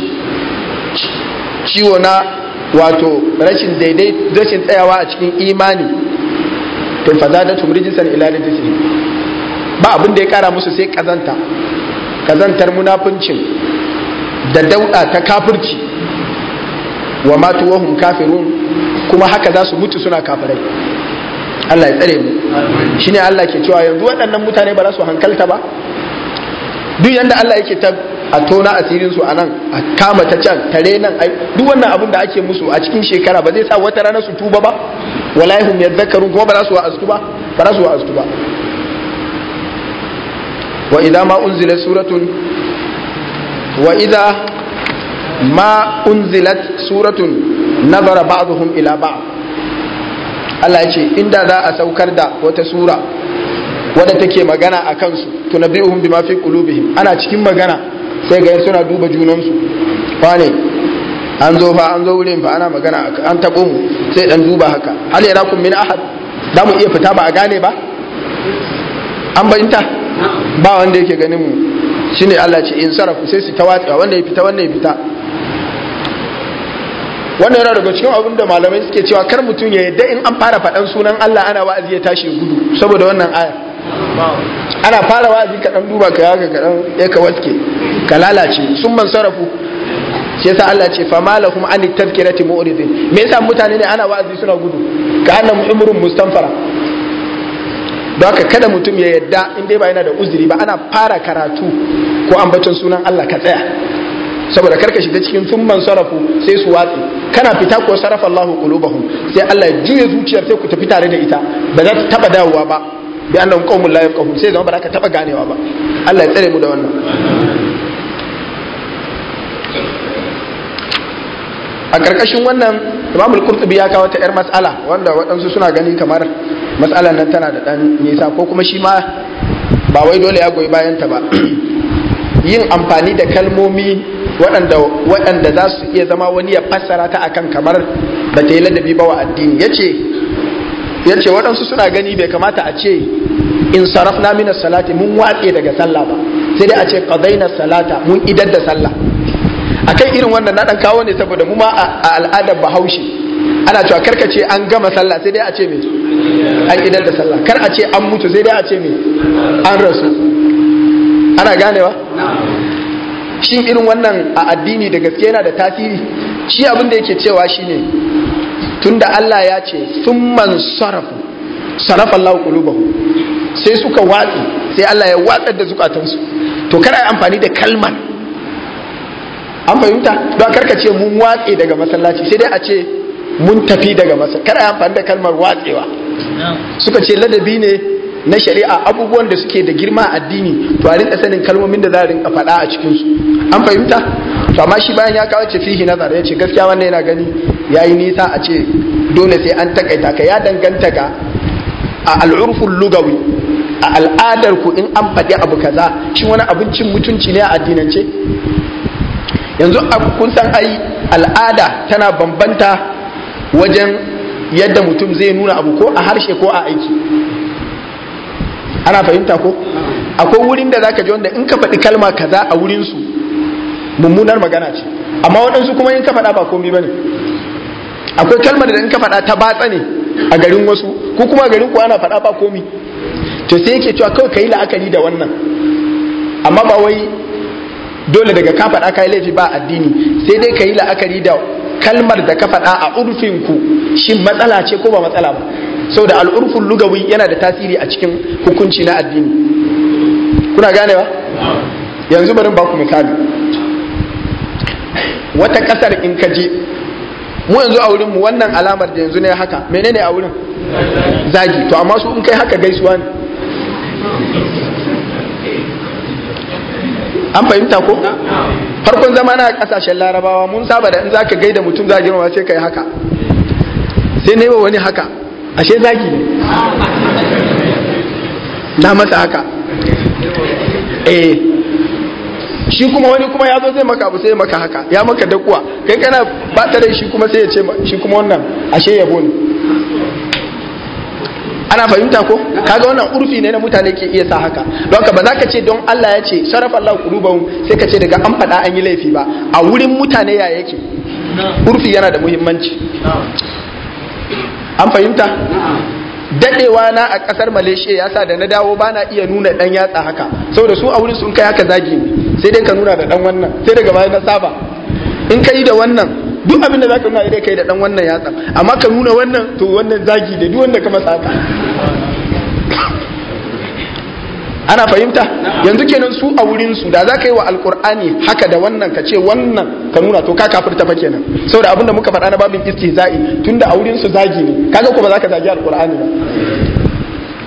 ciwo na wato rashin daidai rashin tsayawa a cikin imani tun fazadatum rijisan ila rijisihim ba abin da ya kara musu sai kazanta kazantar munafuncin da dauda ta kafirci wa matu wahum kafirun kuma haka za su mutu suna kafirai Allah ya tsare mu shine Allah ke cewa yanzu waɗannan mutane ba za su hankalta ba duk yanda Allah yake ta a tona asirin su nan, a kama ta can tare nan ai duk wannan abin da ake musu a cikin shekara ba zai sa wata rana su tuba ba wallahi hum yadhakkarun kuma ba za su wa'azu ba ba za su wa'azu ba wa idza ma unzilat suratun wa idza ma unzilat suratun nazara ba'dhum ila ba'd Allah ya ce inda za a saukar da wata sura wadda take magana a kansu tunabbi'uhum bima fi qulubihim ana cikin magana sai ga suna duba junansu wane an zo fa an zo wurin fa ana magana an tabo mu sai dan duba haka hal yarakum min ahad da mu iya fita ba a gane ba an inta ba wanda yake ganin mu shine Allah ce in sarafu sai su tawatsa wanda ya fita wanda ya fita wannan yana daga cikin abin da malamai suke cewa kar mutum ya yadda in an fara faɗan sunan Allah ana wa'azi ya tashi gudu saboda wannan aya ana fara wa'azi kaɗan, duba ka yaka kaɗan, ya ka waske ka lalace sun man sarrafu shi yasa Allah ce fa malakum an tadhkirati mu'ridin me yasa mutane ne ana wa'azi suna gudu ka annam umrun mustanfara don haka kada mutum ya yadda in dai ba yana da uzuri ba ana fara karatu ko ambaton sunan Allah ka tsaya saboda karka shiga cikin sun man sai su watsi kana fita ko sarrafa Allahu qulubahum sai Allah ya juya zuciyar sai ku tafi tare da ita ba za ta taba dawowa ba bi annahum qaumun la yafqahun sai zama ba ka taba ganewa ba Allah ya tsare mu da wannan a karkashin wannan imamul qurtubi ya kawo ta yar mas'ala wanda waɗansu suna gani kamar mas'alan nan tana da dan nisa ko kuma shi ma ba wai dole ya goyi bayan ta ba yin amfani da kalmomi waɗanda waɗanda za su iya zama wani ya fassara ta akan kamar ba ta yi ladabi ba wa addini yace ya ce waɗansu suna gani bai kamata a ce in na mina salati mun watse daga sallah ba sai dai a ce qadaina salata mun idar da sallah akan irin wannan na dan kawo ne saboda mu ma a al'adar bahaushe ana cewa karka ce an gama sallah sai dai a ce me an idar da sallah kar a ce an mutu sai dai a ce me an rasu ana ganewa shin irin wannan a addini da gaske yana da tasiri shi abin da yake cewa shine tunda Allah ya ce sun man sarafu sarafa Allah qulubahu sai suka watsi sai Allah ya watsar da zukatansu to kada yi amfani da kalman an fahimta don karka ce mun watse daga masallaci sai dai a ce mun tafi daga masallaci kada yi amfani da kalmar watsewa suka ce ladabi ne na shari'a abubuwan da suke da girma addini to a rinka sanin kalmomin da za a rinka faɗa a cikinsu an fahimta to amma shi bayan ya kawo ce na nazar ya ce gaskiya wannan yana gani ya yi nisa a ce dole sai an takaita ka ya danganta ga a al'urfin lugawi a al'adar ku in an faɗi abu kaza shi wani abincin mutunci ne a addinance yanzu kun san ai al'ada tana bambanta wajen yadda mutum zai nuna abu ko a harshe ko a aiki ana fahimta ko akwai wurin da zaka ji wanda in ka faɗi kalma kaza a wurinsu mummunar magana ce amma waɗansu kuma in ka faɗa ba komi ba ne akwai kalmar da in ka faɗa ta batsa ne a garin wasu ko kuma a garin ku ana faɗa ba komi to sai yake cewa kawai ka yi la'akari da wannan amma ba wai dole daga ka faɗa ka yi laifi ba addini sai dai ka yi la'akari da kalmar da ka faɗa a urfinku shin matsala ce ko ba matsala ba saboda al'urfin lugawi yana da tasiri a cikin hukunci na addini kuna ganewa yanzu bari baku misali wata kasar in ka je mu yanzu a wurin mu wannan alamar da yanzu ne haka menene a wurin zagi to amma su in kai haka gaisuwa ne an fahimta ko farkon zama na kasashen larabawa mun saba da in za ka gaida mutum za girma sai ka yi haka sai na yi wa wani haka ashe zagi ne na masa haka eh shi kuma wani kuma ya zo zai maka abu sai ya maka haka ya maka dakuwa kai kana ba ta da shi kuma sai ya ce shi kuma wannan ashe yabo ne ana fahimta ko kaga wannan urfi ne na mutane ke iya sa haka don ka ba za ka ce don Allah ya ce sharafa Allah qulubahum sai ka ce daga an faɗa an yi laifi ba a wurin mutane ya yake urfi yana da muhimmanci an fahimta dadewa na a kasar malaysia ya sa da na dawo bana iya nuna dan yatsa haka saboda su a wurin sun kai haka zagi ne sai dai ka nuna da dan wannan sai daga baya na saba in ka yi da wannan duk abin da zaka nuna idan kai da dan wannan yatsa amma ka nuna wannan to wannan zagi da duk wanda ka masa haka ana fahimta yanzu kenan su a wurin su da za ka yi wa alkur'ani haka da wannan ka ce wannan ka nuna to ka kafirta fa kenan saboda abin da muka faɗa na babin istihza'i tunda a wurin su zagi ne kaga ko ba za ka zagi alkur'ani ba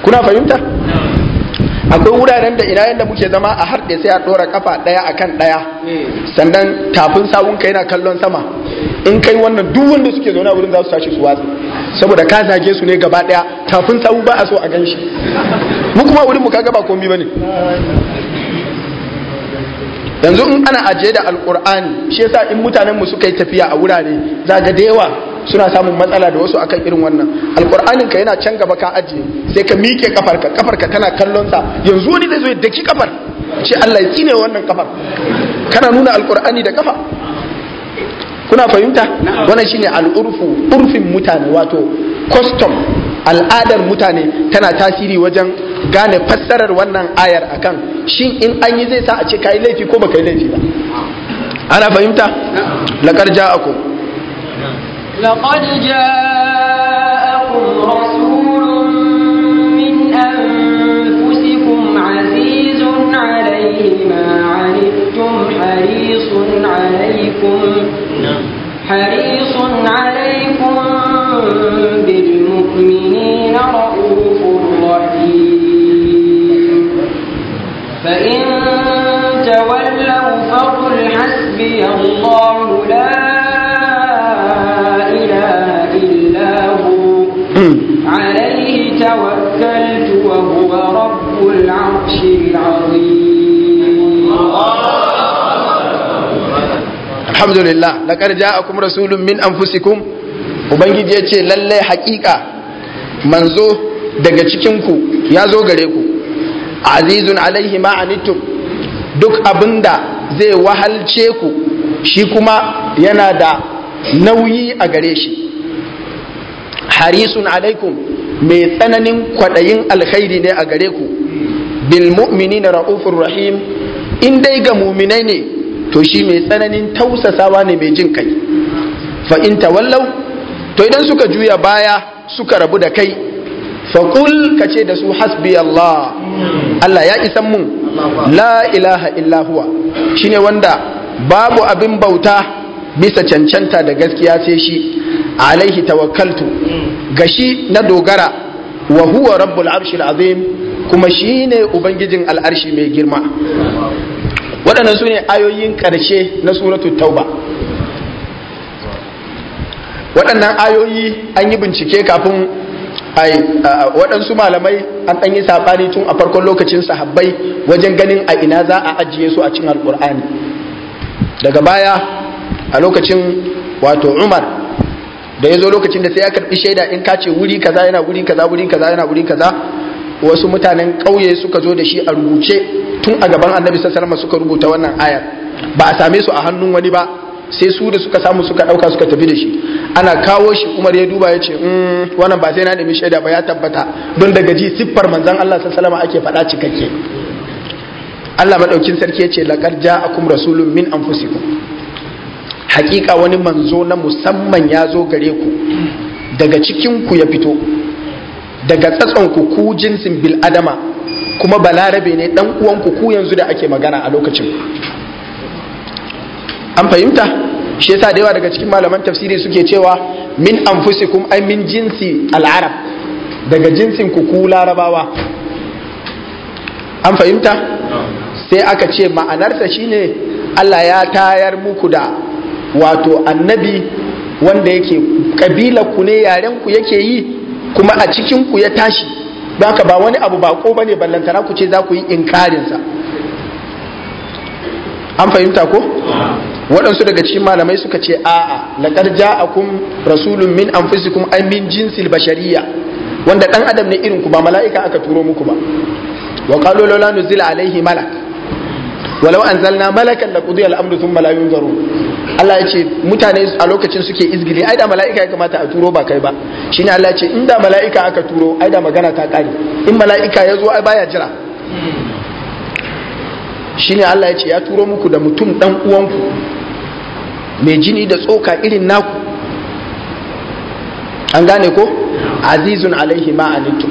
kuna fahimta akwai wuraren da ina yadda muke zama a harɗe sai a ɗora kafa ɗaya a kan ɗaya sannan tafin sawun ka yana kallon sama in kai wannan duk wanda suke zaune a wurin za su tashi su watsi saboda ka zage su ne gaba ɗaya tafin sawu ba a so a ganshi mu kuma wurin mu kaga ba komai bane yanzu in ana ajiye da alkur'ani shi yasa in mutanenmu suka yi tafiya a wurare zaga da yawa suna samun matsala da wasu akan irin wannan alkur'anin ka yana can gaba ka ajiye sai ka mike kafar ka kafar ka tana kallon sa yanzu wani zai zo ya daki kafar shi Allah ya tsine wannan kafar kana nuna alkur'ani da kafa kuna fahimta wannan shine al'urfu urfin mutane wato custom al'adar mutane tana tasiri wajen gane fassarar wannan ayar akan shin in an yi zai sa a ce kai laifi ko baka yi laifi ba ana fahimta laqad ja'akum لقد جاءكم رسول من أنفسكم عزيز عليه ما عنتم حريص عليكم نعم. حريص عليكم بالمؤمنين رؤوف رحيم فإن تولوا فقل حسبي الله لا توكلت وهو رب العرش العظيم الحمد لله لقد جاءكم رسول من انفسكم ubangiji ya ce lallai haƙiƙa manzo daga cikinku ya zo gare ku azizun alaihi ma'anittum duk abinda zai wahalce ku shi kuma yana da nauyi a gare shi harisun alaikum mai tsananin kwaɗayin alkhairi ne a gare ku bil mu'mini na ra'ufur rahim in dai ga muminai ne to shi mai tsananin tausasawa ne mai jin kai fa in tawallau to idan suka juya baya suka rabu da kai fa ka ce da su hasbi Allah Allah ya isan mun la ilaha illa huwa shine wanda babu abin bauta bisa cancanta da gaskiya sai shi alaihi tawakkaltu gashi na dogara wa huwa rabbul arshil azim kuma shine ubangijin al'arshi mai girma waɗannan su ne ayoyin ƙarshe na suratul tauba waɗannan ayoyi an yi bincike kafin waɗansu malamai an ɗan yi saɓani tun a farkon lokacin sahabbai wajen ganin a ina za a ajiye su a cikin alƙur'ani daga baya a lokacin wato umar da ya zo lokacin da sai ya karbi shaida in ka ce wuri kaza yana wuri kaza wuri kaza yana wuri kaza wasu mutanen ƙauye suka zo da shi a rubuce tun a gaban annabi sallallahu suka rubuta wannan ayar ba a same su a hannun wani ba sai su da suka samu suka ɗauka suka tafi da shi ana kawo shi umar ya duba ya ce mm, wannan ba sai na nemi shaida ba ya tabbata don daga ji siffar manzon Allah sallallahu ake faɗa cikakke Allah maɗaukin sarki ya ce ja akum rasulun min anfusikum hakika wani manzo na musamman ya zo gare ku daga cikinku ya fito daga tsatson ku jinsin bil'adama, kuma balarabe ne dan uwan ku ku yanzu da ake magana a lokacin an fahimta shi yasa da yawa daga cikin malaman tafsiri suke cewa min anfusikum ay min jinsi al'arab daga jinsin ku ku larabawa an fahimta sai aka ce ma'anarsa shine Allah ya tayar muku da wato annabi wanda yake kabila ku ne yaren ku yake yi kuma a cikinku ya tashi baka ba wani abu ba ko bane ballantana ku ce za ku yi inkarin sa an fahimta ko waɗansu daga cikin malamai suka ce a'a laqad ja'akum rasulun min anfusikum ay min jinsil bashariya wanda ɗan adam ne irin ku ba mala'ika aka turo muku ba wa qalu laula nuzila alaihi malak walau zalna malakan da kudiyar al sun thumma la yunzaru Allah ya ce mutane a lokacin suke izgili ai da mala'ika ya kamata a turo ba kai ba ne Allah ya ce inda mala'ika aka turo ai da magana ta kare in mala'ika ya zo ai baya jira ne Allah ya ce ya turo muku da mutum dan uwanku mai jini da tsoka irin naku an gane ko azizun alaihi ma'anitu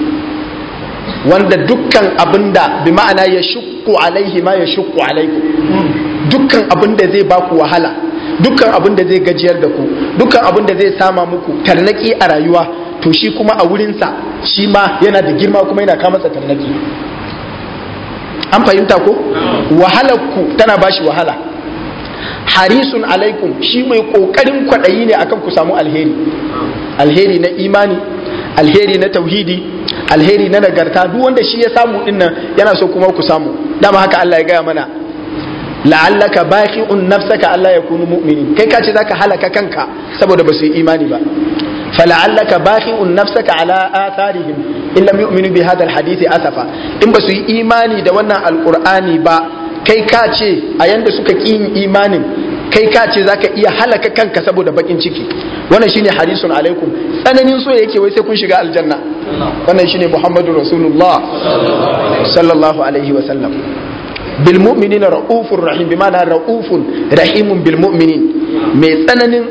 wanda dukkan abinda bi ma'ana ya shukku alaihi ma ya shukku alaiku dukkan abinda zai baku wahala dukkan abinda zai gajiyar da ku dukkan abinda zai sama muku tarnaki a rayuwa to shi kuma a wurinsa shi ma yana da girma kuma yana kama sa tarnaki an fahimta ko wahalar ku tana bashi wahala harisun alaikum shi mai kokarin kwaɗayi ne akan ku samu alheri alheri na imani alheri na tauhidi alheri na nagarta duk wanda shi ya samu din nan yana so kuma ku samu dama haka Allah ya gaya mana la'allaka baqi'un nafsaka Allah ya kunu mu'mini kai ka ce zaka halaka kanka saboda ba su yi imani ba fala'allaka baqi'un nafsaka ala atharihim in lam yu'minu bi hadha alhadith asafa in ba su yi imani da wannan alqur'ani ba kai ka ce a yanda suka ƙi imanin kai ka ce zaka iya halaka kanka saboda bakin ciki wannan shine hadisun alaikum tsananin so yake wai sai kun shiga aljanna wannan shine muhammadu rasulullah sallallahu alaihi wa sallam bil mu'minina raufur rahim bi ma'ana raufun rahimun bil mu'minin mai tsananin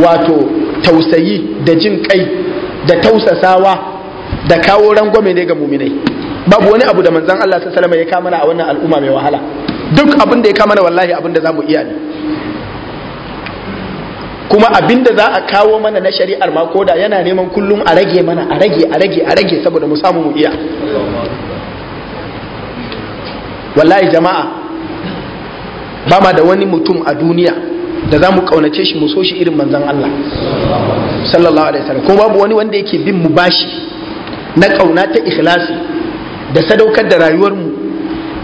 wato tausayi da jin kai da tausasawa da kawo rangwame ne ga muminai babu wani abu da manzon Allah sallallahu alaihi wa sallam ya kama na a wannan al'umma mai wahala duk abin da ya kama na wallahi abin da zamu iya ne kuma abinda za a kawo mana na shari'ar ma ko da yana neman kullum a rage mana a rage a rage a rage saboda mu samu mu iya wallahi jama'a ba ma da wani mutum a duniya da za mu kaunace shi mu so shi irin manzan Allah sallallahu alaihi wasallam kuma babu wani wanda yake bin mu bashi na kauna ta ikhlasi da sadaukar da rayuwar mu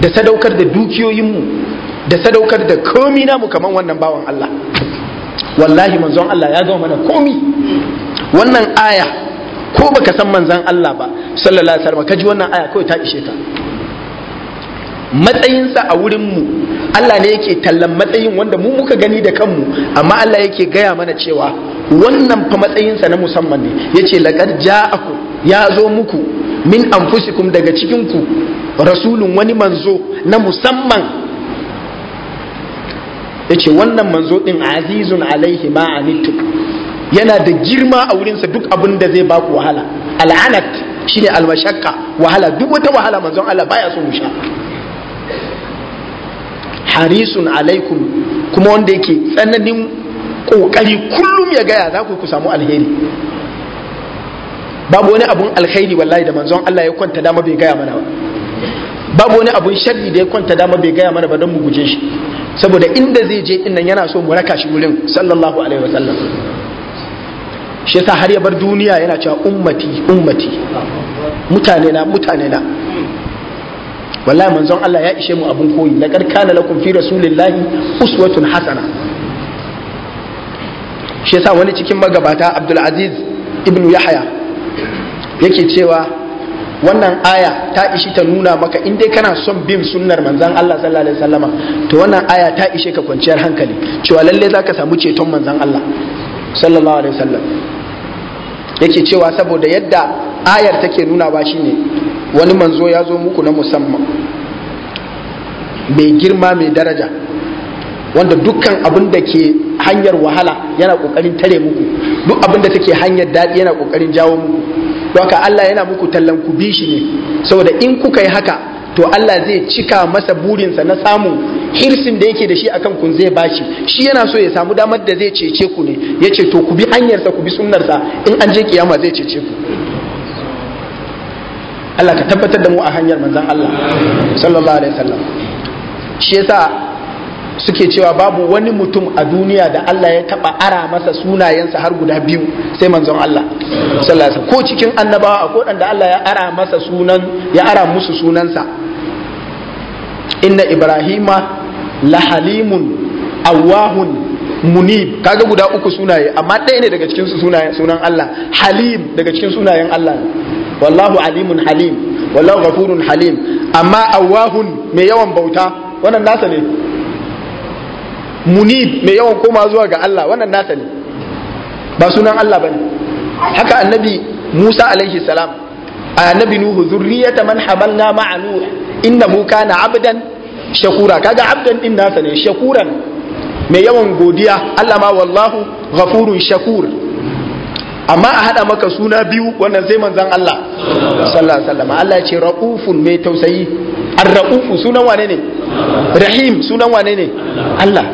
da sadaukar da dukiyoyin mu da sadaukar da komi namu kaman wannan bawan Allah wallahi manzon Allah ya gama mana komi wannan aya ko baka san manzon Allah ba sallallahu alaihi wasallam kaji wannan aya kawai ta ishe ka matsayinsa a wurin mu Allah ne yake tallan matsayin wanda mu muka gani da kanmu amma Allah yake gaya mana cewa wannan fa matsayinsa na musamman ne yace laqad ja'akum ya zo muku min anfusikum daga cikin ku rasulun wani manzo na musamman ce wannan manzo ɗin azizun alaihi ma anittu yana da girma a wurinsa duk abin da zai baku wahala al'anat shine almashakka wahala duk wata wahala manzon Allah baya so mu sha harisun alaikum kuma wanda yake tsananin kokari kullum ya gaya za ku samu alheri babu wani abun alheri wallahi da manzon Allah ya kwanta dama bai gaya mana ba babu wani abun sharri da ya kwanta dama bai gaya mana ba don mu guje shi saboda inda zai je dinnan yana so mu raka shi wurin sallallahu alaihi wasallam shi yasa har ya bar duniya yana cewa ummati ummati mutane na mutane na wallahi manzon Allah ya ishe mu abun koyi kad kana lakum fi rasulillahi uswatun hasana shi yasa wani cikin magabata Abdul Aziz ibn Yahya yake cewa wannan aya ta ishi ta nuna maka in dai kana son bin sunnar manzan Allah sallallahu alaihi wasallama to wannan aya ta ishe ka kwanciyar hankali cewa lalle ka samu ceton manzan Allah sallallahu alaihi wasallam yake cewa saboda yadda ayar take nuna ba shine wani manzo ya zo muku na musamman mai girma mai daraja wanda dukkan abin da ke hanyar wahala yana kokarin tare muku duk abin da take hanyar daɗi yana kokarin jawo muku Waka Allah yana muku tallan ku bi shi ne saboda in kuka yi haka to Allah zai cika masa burinsa na samun hirsin da yake da shi akan kun zai bashi shi yana so ya samu damar da zai cece ku ne ya ce to ku bi hanyarsa ku bi sunnarsa in an je kiyama zai cece ku Allah ka tabbatar da mu a hanyar manzon Allah sallallahu alaihi wasallam shi yasa suke cewa babu wani mutum a duniya da Allah ya taba ara masa sunayensa har guda biyu sai manzon Allah sallallahu ko cikin annabawa akwai wanda Allah ya ara masa sunan ya ara musu sunansa inna ibrahima la halimun awahun munib kaga guda uku sunaye amma ɗaya ne daga cikin sunayen sunan Allah halim daga cikin sunayen Allah wallahu alimun halim wallahu ghafurun halim amma awahun mai yawan bauta wannan nasa ne munib mai yawan koma zuwa ga Allah wannan nata ne ba sunan Allah bane haka annabi Musa alaihi salam annabi Nuhu zurriyata man hamalna ma'a Nuh innahu kana abdan shakura kaga abdan din nasa ne shakuran mai yawan godiya Allah ma wallahu ghafurun shakur amma a hada maka suna biyu wannan sai manzon Allah sallallahu alaihi wasallam Allah ya ce raufun mai tausayi ar-raufu sunan wane ne rahim sunan wane ne Allah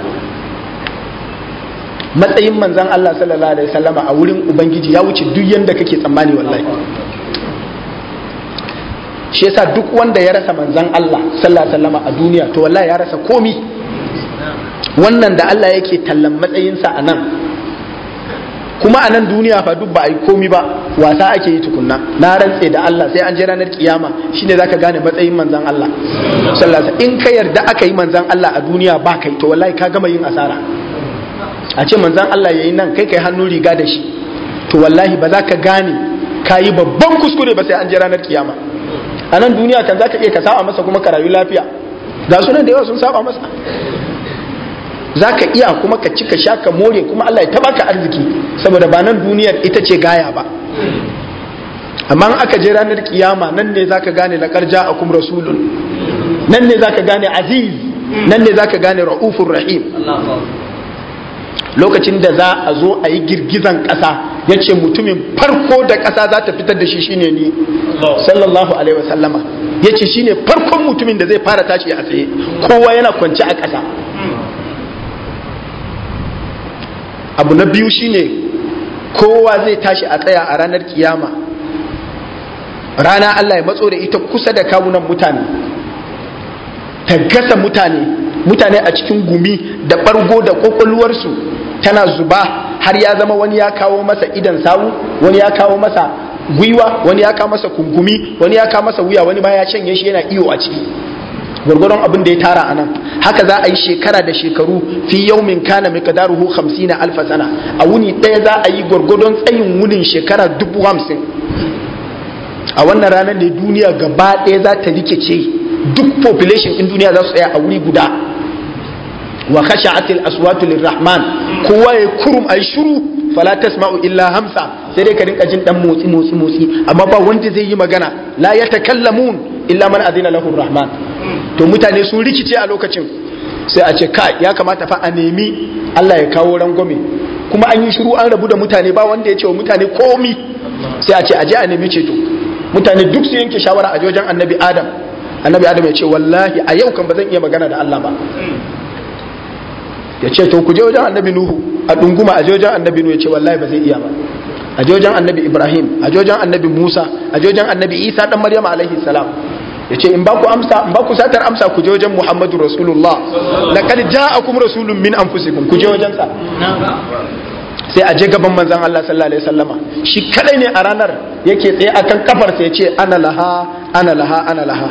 matsayin manzan Allah sallallahu alaihi wasallama a wurin ubangiji ya wuce duk yadda kake tsammani wallahi shi yasa duk wanda ya rasa manzan Allah sallallahu alaihi wasallama a duniya to wallahi ya rasa komi wannan da Allah yake tallan matsayinsa a nan kuma a nan duniya fa duk ba a yi komi ba wasa ake yi tukunna na rantse da Allah sai an je ranar kiyama shine zaka gane matsayin manzan Allah in ka yarda aka yi manzan Allah a duniya ba kai to wallahi ka gama yin asara a ce manzan Allah ya yi nan kai kai hannu riga da shi to wallahi ba za ka gane ka yi babban kuskure ba sai an je ranar kiyama a nan duniya kan za ka iya ka saba masa kuma ka rayu lafiya ga nan da yawa sun saba masa za ka iya kuma ka cika sha ka more kuma Allah ya taba ka arziki saboda ba nan duniyar ita ce gaya ba amma aka je ranar kiyama nan ne za ka gane laqad ja'akum rasulun nan ne za ka gane aziz nan ne za ka gane ra'ufur rahim lokacin da za a zo a yi girgizan ƙasa ya ce mutumin farko da ƙasa za ta fitar da shi shine ni sallallahu alaihi wasallama ya ce shine farkon mutumin da zai fara tashi a tsaye kowa yana kwance a ƙasa abu na biyu shine kowa zai tashi a tsaya a ranar kiyama rana Allah ya matso da ita kusa da kawunan mutane ta gasa mutane mutane a cikin gumi da bargo da kwakwalwarsu tana zuba har ya zama wani ya kawo masa idan sawu wani ya kawo masa gwiwa wani ya kawo masa kungumi wani ya kawo masa wuya wani ma ya canye shi yana iyo a ciki gurgurun abin da ya tara a nan haka za a yi shekara da shekaru fi min kana hu hamsin na alfasana. a wuni ɗaya za a yi gwargwadon tsayin wunin shekara dubu hamsin a wannan ranar ne duniya gaba ɗaya za ta rikice duk population in duniya za su tsaya a wuri guda wa khasha'at al-aswatu lirrahman kowa ya kurum ai shiru fala tasma'u illa hamsa sai dai ka rinka jin dan motsi motsi motsi amma ba wanda zai yi magana la yatakallamun illa man adina lahu rahman to mutane sun rikice a lokacin sai a ce kai ya kamata fa a nemi Allah ya kawo rangwame kuma an yi shiru an rabu da mutane ba wanda ya ce wa mutane komi sai a ce a je a nemi ceto mutane duk su yanke shawara a wajen annabi adam annabi adam ya ce wallahi a yau kan ba zan iya magana da Allah ba ya ce to ku je wajen annabi nuhu a dunguma a je wajen annabi nuhu ya ce wallahi ba zai iya ba a je wajen annabi ibrahim a je wajen annabi musa a je wajen annabi isa dan maryam alaihi salam ya ce in ba ku amsa in ba ku satar amsa ku je wajen muhammadu rasulullah laqad kuma rasulun min anfusikum ku je wajen sa sai a je gaban manzan Allah sallallahu alaihi wasallama shi kadai ne a ranar yake tsaye kan kafarsa ya ce ana laha ana laha ana laha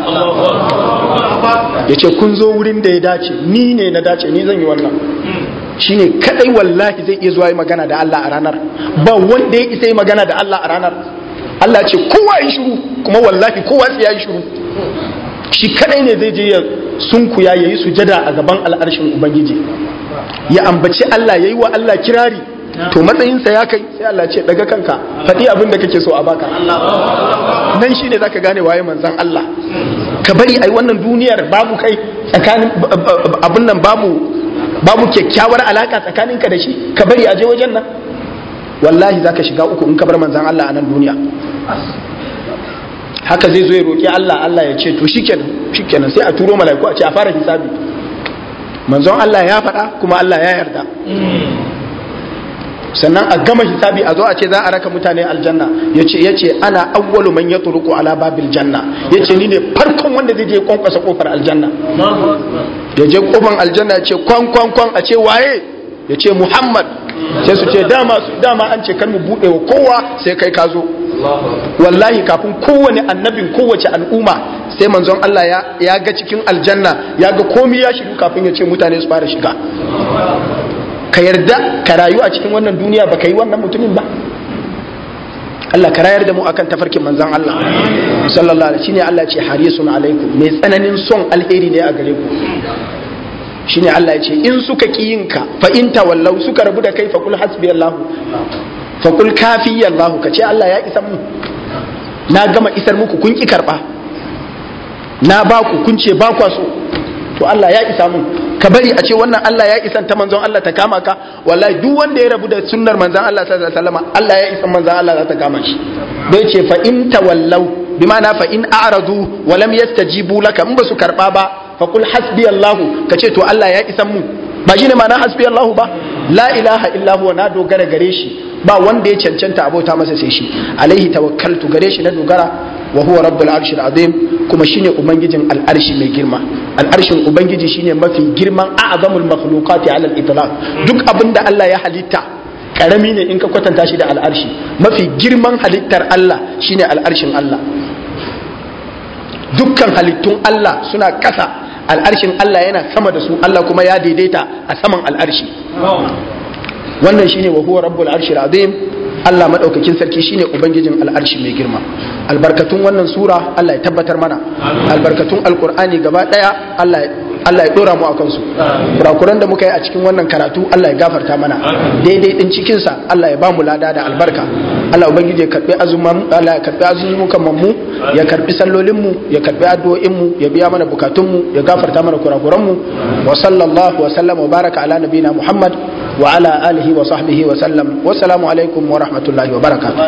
ya ce kun zo wurin da ya dace ni ne na dace ni zan yi wannan shine kadai wallahi zai iya zuwa yi magana da Allah a ranar ba wanda ya isa yi magana da Allah a ranar Allah ce kowa yi shiru kuma wallahi kowa sai ya yi shiru shi kadai ne zai je ya sunkuya ya yi sujada a gaban al'arshin ubangiji ya ambaci Allah ya yi wa Allah kirari to matsayinsa ya kai sai Allah ce daga kanka faɗi abin da kake so a baka nan shine zaka gane waye manzon Allah ka bari ai wannan duniyar babu kai tsakanin abin nan babu babu kyakkyawar alaka tsakanin ka da shi ka bari a je wajen nan wallahi zaka shiga uku in ka bar manzon Allah a nan duniya haka zai zo ya roki Allah Allah ya ce to shikenan shikenan sai a turo mala'iku a ce a fara hisabi manzon Allah ya faɗa kuma Allah ya yarda sannan a gama hisabi a zo a ce za a raka mutane aljanna yace yace ana awwalu man ya turuku ala babil janna yace ni ne farkon wanda zai je kwankwasa kofar aljanna ya je kofar aljanna ya ce kwan kwan a ce waye ya ce muhammad sai su ce dama dama an ce kar mu bude wa kowa sai kai ka zo wallahi kafin kowane annabin kowace al'umma sai manzon Allah ya ga cikin aljanna ya ga komi ya shiru kafin ya ce mutane su fara shiga ka yarda ka rayu a cikin wannan duniya ba ka yi wannan mutumin ba Allah ka rayar da mu akan tafarkin manzan Allah sallallahu alaihi shine Allah ce harisun alaikum mai tsananin son alheri ne a gare ku shine Allah ya ce in suka ki yinka fa in tawallau suka rabu da kai fa kul hasbi Allah fa kul kafi Allah ka ce Allah ya isa mu na gama isar muku kun ki karba na ba ku kun ce ba ku so to Allah ya isa mu ka bari a ce wannan Allah ya isan ta manzon Allah ta kama ka wallahi duk wanda ya rabu da sunnar manzon Allah sallallahu alaihi wasallam Allah ya isan manzon Allah za ta kama shi bai ce fa in tawallau bi fa in a'radu wa lam yastajibu laka in su karba ba fa kul hasbi Allah ka ce to Allah ya isan mu ba shine ma'ana hasbi Allah ba la ilaha illa huwa na dogara gare shi ba wanda ya cancanta abota masa sai shi alaihi tawakkaltu gare shi na dogara wa huwa rabbul arshil azim kuma shine ubangijin al'arshi mai girma al'arshin ubangiji shine mafi girman a'zamul makhluqati ala al-itlaq duk abinda Allah ya halitta karami ne in ka kwatanta shi da al'arshi mafi girman halittar Allah shine al'arshin Allah dukkan halittun Allah suna kasa al'arshin Allah yana sama da su Allah kuma ya daidaita a saman al'arshi wannan shine wa huwa rabbul arshil azim Allah madaukakin sarki shine ubangijin al'arshi mai girma albarkatun wannan sura Allah ya tabbatar mana albarkatun alqur'ani gaba daya Allah Allah ya dora mu akan su kurakuran da muka yi a cikin wannan karatu Allah ya gafarta mana daidai din cikin sa Allah ya ba mu lada da albarka Allah ubangiji ya karbi azuman Allah ya karbi azumukan mu ya karbi sallolin mu ya karbi addu'o'in mu ya biya mana bukatun mu ya gafarta mana kurakuran mu wa sallallahu wa sallama wa baraka ala nabina Muhammad wa ala alihi wa sahbihi wa sallam alaikum wa rahmatullahi wa barakatuh